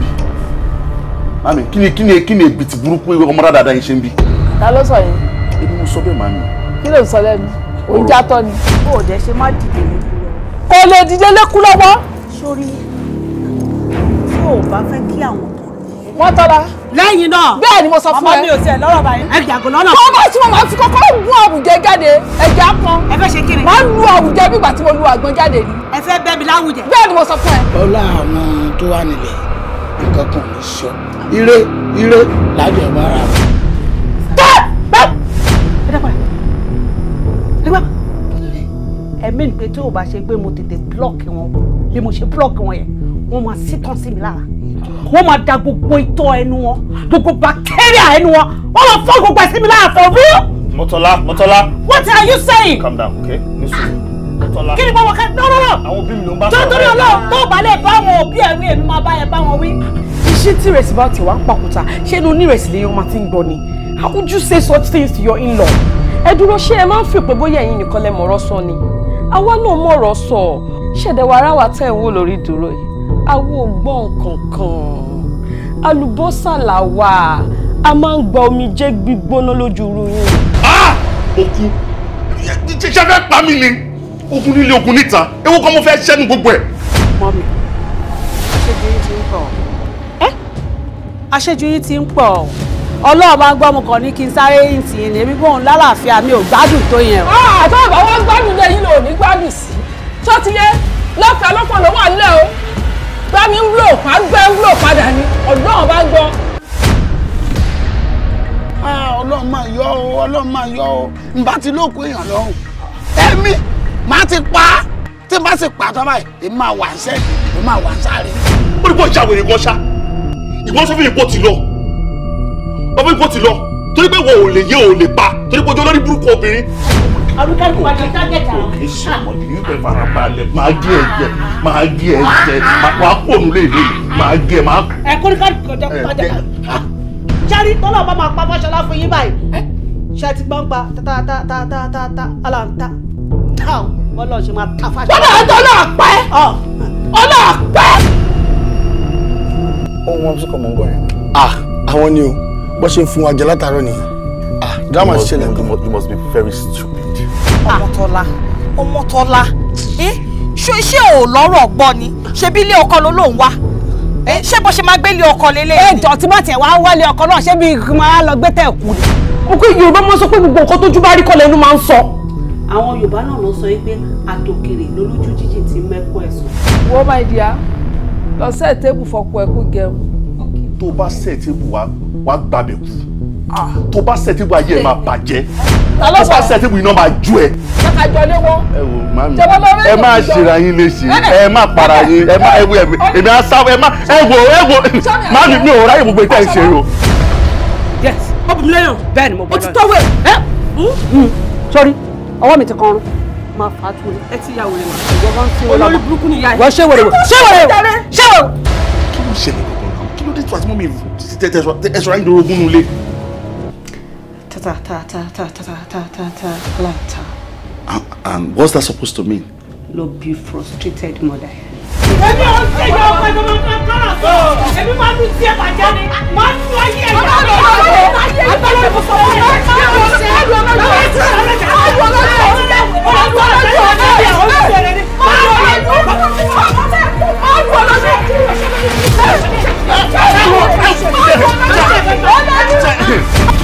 mami kí ni kí ni kí ni ebìtì burúkú ọmọ dáadáa yín ṣe ń bí. ta ló sọ yẹn. ebi mo sọ bẹ́ẹ̀ mami. kí ló ń sọ lẹ́nu òun já ni. kó o dẹ̀ ṣe má dìde lẹ́kú lọ. kò lè dìde lẹ́kú lọ́wọ́. sórí tí o bá fẹ́ kí àwọn tó lè. wọ́n tọ́ra. lẹ́yìn náà bẹ́ẹ̀ ni mo sọ fún ẹ. ọmọ mi ò tiẹ̀ lọ́rọ̀ báyìí. ẹ jàgò lọ́nà. kó o bá tí mo máa fi kọ́kọ́ gún àwùjẹ jáde ẹ̀jẹ̀ á ẹ fẹ́ ṣe kí ni. máa lu àwùjẹ bí ìgbà tí mo lu àgbọn jáde ni. ẹ fẹ́ bẹ́ mi láwùjẹ. bẹ́ẹ̀ ni mo sọ fún ẹ. ọlá tó wà nílẹ̀ nǹkan kan ní sọ ire ire lájọ ẹ̀ ẹ̀mí ni pé tí o bá ṣe pé mo tètè block wọn bí mo ṣe block wọn yẹn wọ́n máa sítàn sí mi lára wọ́n máa da gbogbo itọ́ ẹnu wọn gbogbo bacteria ẹnu wọn wọ́n máa fọ́ gbogbo ẹ̀sìn mi lára for real. Mọ́tọ́lá Mọ́tọ́lá. What are you saying? Calm down okay Tọ́lá. Kí ni bá wọn ká? No no no. Àwọn òbí mi ló ń bá sọ̀rọ̀. Jọ́ torí ọlọ́run tó balẹ̀ bá wọn òbí ẹ̀rí èmi máa bá ẹ bá wọn wí. Iṣẹ́ tí ìrẹsì bá ti wà ń pàkúta, ṣé inú onírẹsì lèèyàn máa ti ń gbọ́ ni? How would you say such things to your in-law? Ẹ dúró ṣé ẹ máa ń fi pé bóyá ẹ̀yin nìkan lẹ mọ̀rọ̀ sọ ni? Àwa náà mọ̀rọ̀ sọ. Ṣẹ̀dẹ̀wà ara wa tẹ̀ ń wò lórí dúró yìí. Àwo gbọ́n kankan. Àlùbọ́sà làwà. A máa ń gba omijé gbígbóná lójú ru yín. Ó kú. Ṣé fẹ́ pa mí ni? ogun nílé ogun níta ewu kan mo fẹ́ ṣẹ́nu gbogbo ẹ̀. mọ́mí aṣẹ́jú yín ti ń pọ̀ ẹ́ aṣẹ́jú ti ń pọ̀ ọlọ́run bá ń gbọ́ mo kàn ní kí n sáré yín tì yín èmi bóun lálàáfíà mi ò gbádùn tó yẹn o. Ah, àtọ́ àbá wọn gbádùn lẹ́yìn lò ní gbádùn sí tó ti yẹ lọ́fẹ̀ẹ́ lọ́pọ̀ ló wà nílẹ̀ o gbá mi ń lò pa gbẹ́ ń lò padà ni ọlọ́run bá ń gbọ́. Ah, ọlọ́run máa yọ ọ́ ọlọ́run máa yọ ọ́ ǹbá ti lóko èèyàn lọ́rùn ẹ̀mí má ti pa á tí n bá sì pa tọ́ báyìí èmi máa wà ṣẹ́ èmi máa wà sáré. ó ní kó ìjà wèrè gan ṣá ìwọ sọ fún mi kó ti lọ ọ fún mi kó ti lọ torí pé wọn ò lè yé ò lè pa torí pé ojú olórí burúkú obìnrin. ọdún kẹ́kọ̀ọ́ wa ni tágẹ́tà. òkè sọmọdé yóò fẹ́ fara gé ẹ jẹ gé ẹ jẹ máa kó lè lè máa gé ẹ máa. ẹ kó ní kẹ́kọ̀ọ́ máa pa fọ́ṣọlá fún yín báyìí ṣe ti gbọ́n pa ta ta ta ta ta ta ta alá ta ta bọ́lá ṣe máa ta fáṣọ. bọ́lá ọjọ́ náà pẹ́ ọlọ́ pẹ́. ohun wọn sọkọ mọ ń gbọ́ yẹn. ah àwọn ni o bó ṣe ń fún wa jẹ látàárọ̀ nìyẹn ah drama ṣẹlẹ̀. you must be very stupid. ọmọtọ́lá ọmọtọ́lá ṣé ṣé ò lọ́rọ̀ gbọ́ ni ṣebí ilé ọkọ ló lóun wá ṣé bó ṣe máa gbélé ọkọ lélẹ̀. ẹ jọ tí wọ́n tiẹ̀ wá wọlé ọkọ náà ṣé bí máa lọ gbé tẹ̀ kú. mo kí yorùbá máa sọ pé gbogbo nǹkan tójú bá rí kọ́ lẹ́nu máa ń sọ àwọn yorùbá náà lọ sọ pé àtòkèrè lolójú jíjìn ti mẹ́kọ ẹ̀sùn. wo my dear lọ sẹ́ẹ̀ tébù fọpọ ẹ kó gẹrun. tó o bá sẹ́ẹ̀ tébù wa wá gbàbẹ̀ kú tó o bá sẹ́ẹ̀ tébù ayé ẹ̀ máa bàjẹ́ tó o bá sẹ́ẹ̀ tébù iná máa jó ẹ. àjọ lé wọn. ẹ wò mami ẹ má ṣera yín léṣe ẹ má para yín ẹ má ẹ wò èmi á sáwọ ẹ má ẹ wò ẹ wò mami mi ò ráyè gbogbo ìtẹ́ ìṣe o. yes ọbùnmi lẹ́yìn bẹ́ẹ̀ ni mo bọ́ o ti tọ́wé. Hmm. Hmm. sọ́rí ọwọ́ mi ti kan rún máa fà á tún ẹ ti yà wèrè màá ẹ̀jọ̀ bá ń fi olórí burúkú ni ìyá ẹ̀. wọ́n ṣé wèrè wò ṣé wèrè wò ṣé wèrè. kí ló ṣẹlẹ̀ gbọ̀ngàn kí ló dé tó àti mú mi ẹ̀ṣọ́ ayé ta ta ta ta ta ta ta ta ta. and what's that supposed to mean? lo be frustrated mother èmi ò ń ṣe ìyá ọkọ ẹ̀dọ́ máa ń bá kára sọ èmi máa ń lu tí ẹ bàjẹ́ ni máa ń lu ayé ẹ̀yà mi àtàlẹ́ ìfọ̀sọ̀ wọn yẹn ṣé ṣé ẹ̀rù ọlọ́dún ọ̀sẹ̀ ẹ̀rù ọlọ́dún ọ̀sẹ̀ ẹ̀rù ọlọ́dún ọ̀sẹ̀ ẹ̀rù ọlọ́dún ọ̀sẹ̀ ẹ̀rù ọlọ́dún ọ̀sẹ̀ ẹ̀rù ọlọ́dún ọ̀sẹ̀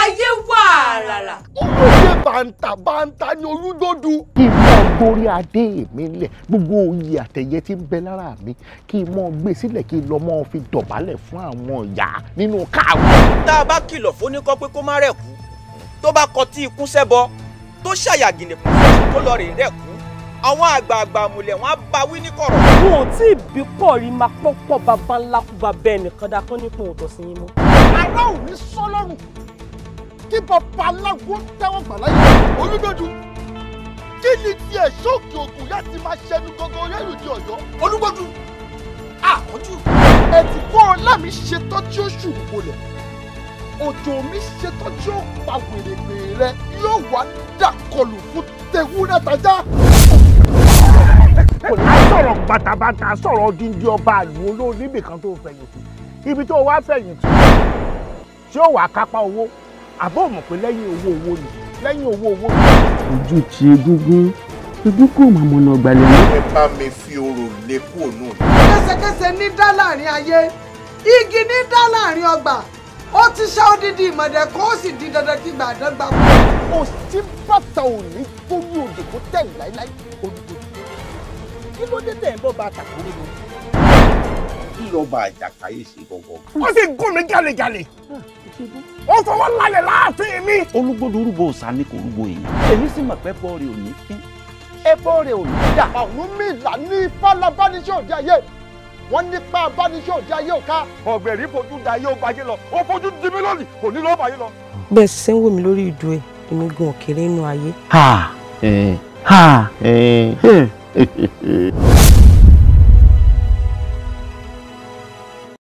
ayé wà rárá. ó ṣe bàǹtà bàǹtà ni olúdódú. kí n mọ gorí adé mi lẹ gbogbo oyè àtẹ̀yẹ tí ń bẹ lára mi kí n mọ gbé sílẹ̀ kí n lọ mọ fi dọ̀bálẹ̀ fún àwọn ìyá nínú káàwọ̀. tá a bá kìlọ̀ fún oníkọ́ pé kó má rẹ̀ kú tó bá kọtí ikú sẹ́bọ tó ṣàyàgìnì fún kó lọ rè rẹ̀ àwọn àgbààgbà àmùlẹ̀ wọn á bá wí ní kọ̀rọ̀. wọn ò tí ì bí pọ̀ rí máa pọ́pọ̀ bàbá ńlá kú bàbá ẹnìkan nípò òtọ̀sí yín mọ́. àárọ̀ òní sọ́lọ́run kí bàbá aláwo tẹ́wọ̀n gbà láyé olúgbòdù kí ni tiẹ̀ ṣóòkè ògùn láti máa ṣẹnu gangan orílẹ̀ èdè ọ̀yọ́ olúgbòdù àkọ́jú. ẹ̀dínkù ọ̀la mi ṣe tọ́jú oṣù kọlẹ̀ òjò mi ṣe tọ́jú ọ̀pá wèrèwè rẹ yóò wá dàkọlù fún tewúrẹ́ tajá. kò ní sọ̀rọ̀ bàtàbàtà sọ̀rọ̀ dídí ọba àlù olórí nìkan tó fẹ̀yìntì ibi tó wá fẹ̀yìntì tí ó wà kápá owó àbọ̀ mọ̀ pé lẹ́yìn owó owó ni lẹ́yìn owó owó ni. ojú ti egúngún egún kò máa mọ náà gbalẹ̀ mọ́. ẹ bá mi fi orò lé kúrò náà. kẹsẹkẹsẹ ní dá láàrin ayé igi ní dá láàrin ọgbà ó ti ṣá odidi ìmọ̀dẹ̀ kan ó sì di dandan kí gbà kú. kò sí bàtà òní tó ní òdòdó tẹ̀ láíláí òdòdó kí ló dé tẹ̀ ń bọ̀ bàtà kúrò lónìí kí lọ́ba àjàkáyé ṣe gbọ̀ngàn. Hmm. wọ́n sì gún mi jalejale. ó ah, fọwọ́ lálẹ́ láàfin mi. olúgbòdo orúbọ òsà ni kò rúbọ èyí. èmi sì mọ̀ pé bọ́ọ̀rẹ̀ ò ní fín ẹbọ rẹ̀ ò ní dà. àwọn mìlá ní fálá báníṣẹ́ òde ayé wọ́n nípa báníṣẹ́ òde ayé òka. ọ̀gbẹ̀rì fojú da ayé ọba ayé lọ ó fojú di mí lónìí kò ní lọ́ọ́ báyé lọ. bẹ́ẹ̀ sì ń wò mí lórí ìdú ẹ̀ èmi gun òkèrè inú ayé. ha ẹ eh, ha ẹ. Eh, eh.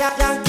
yeah, yeah.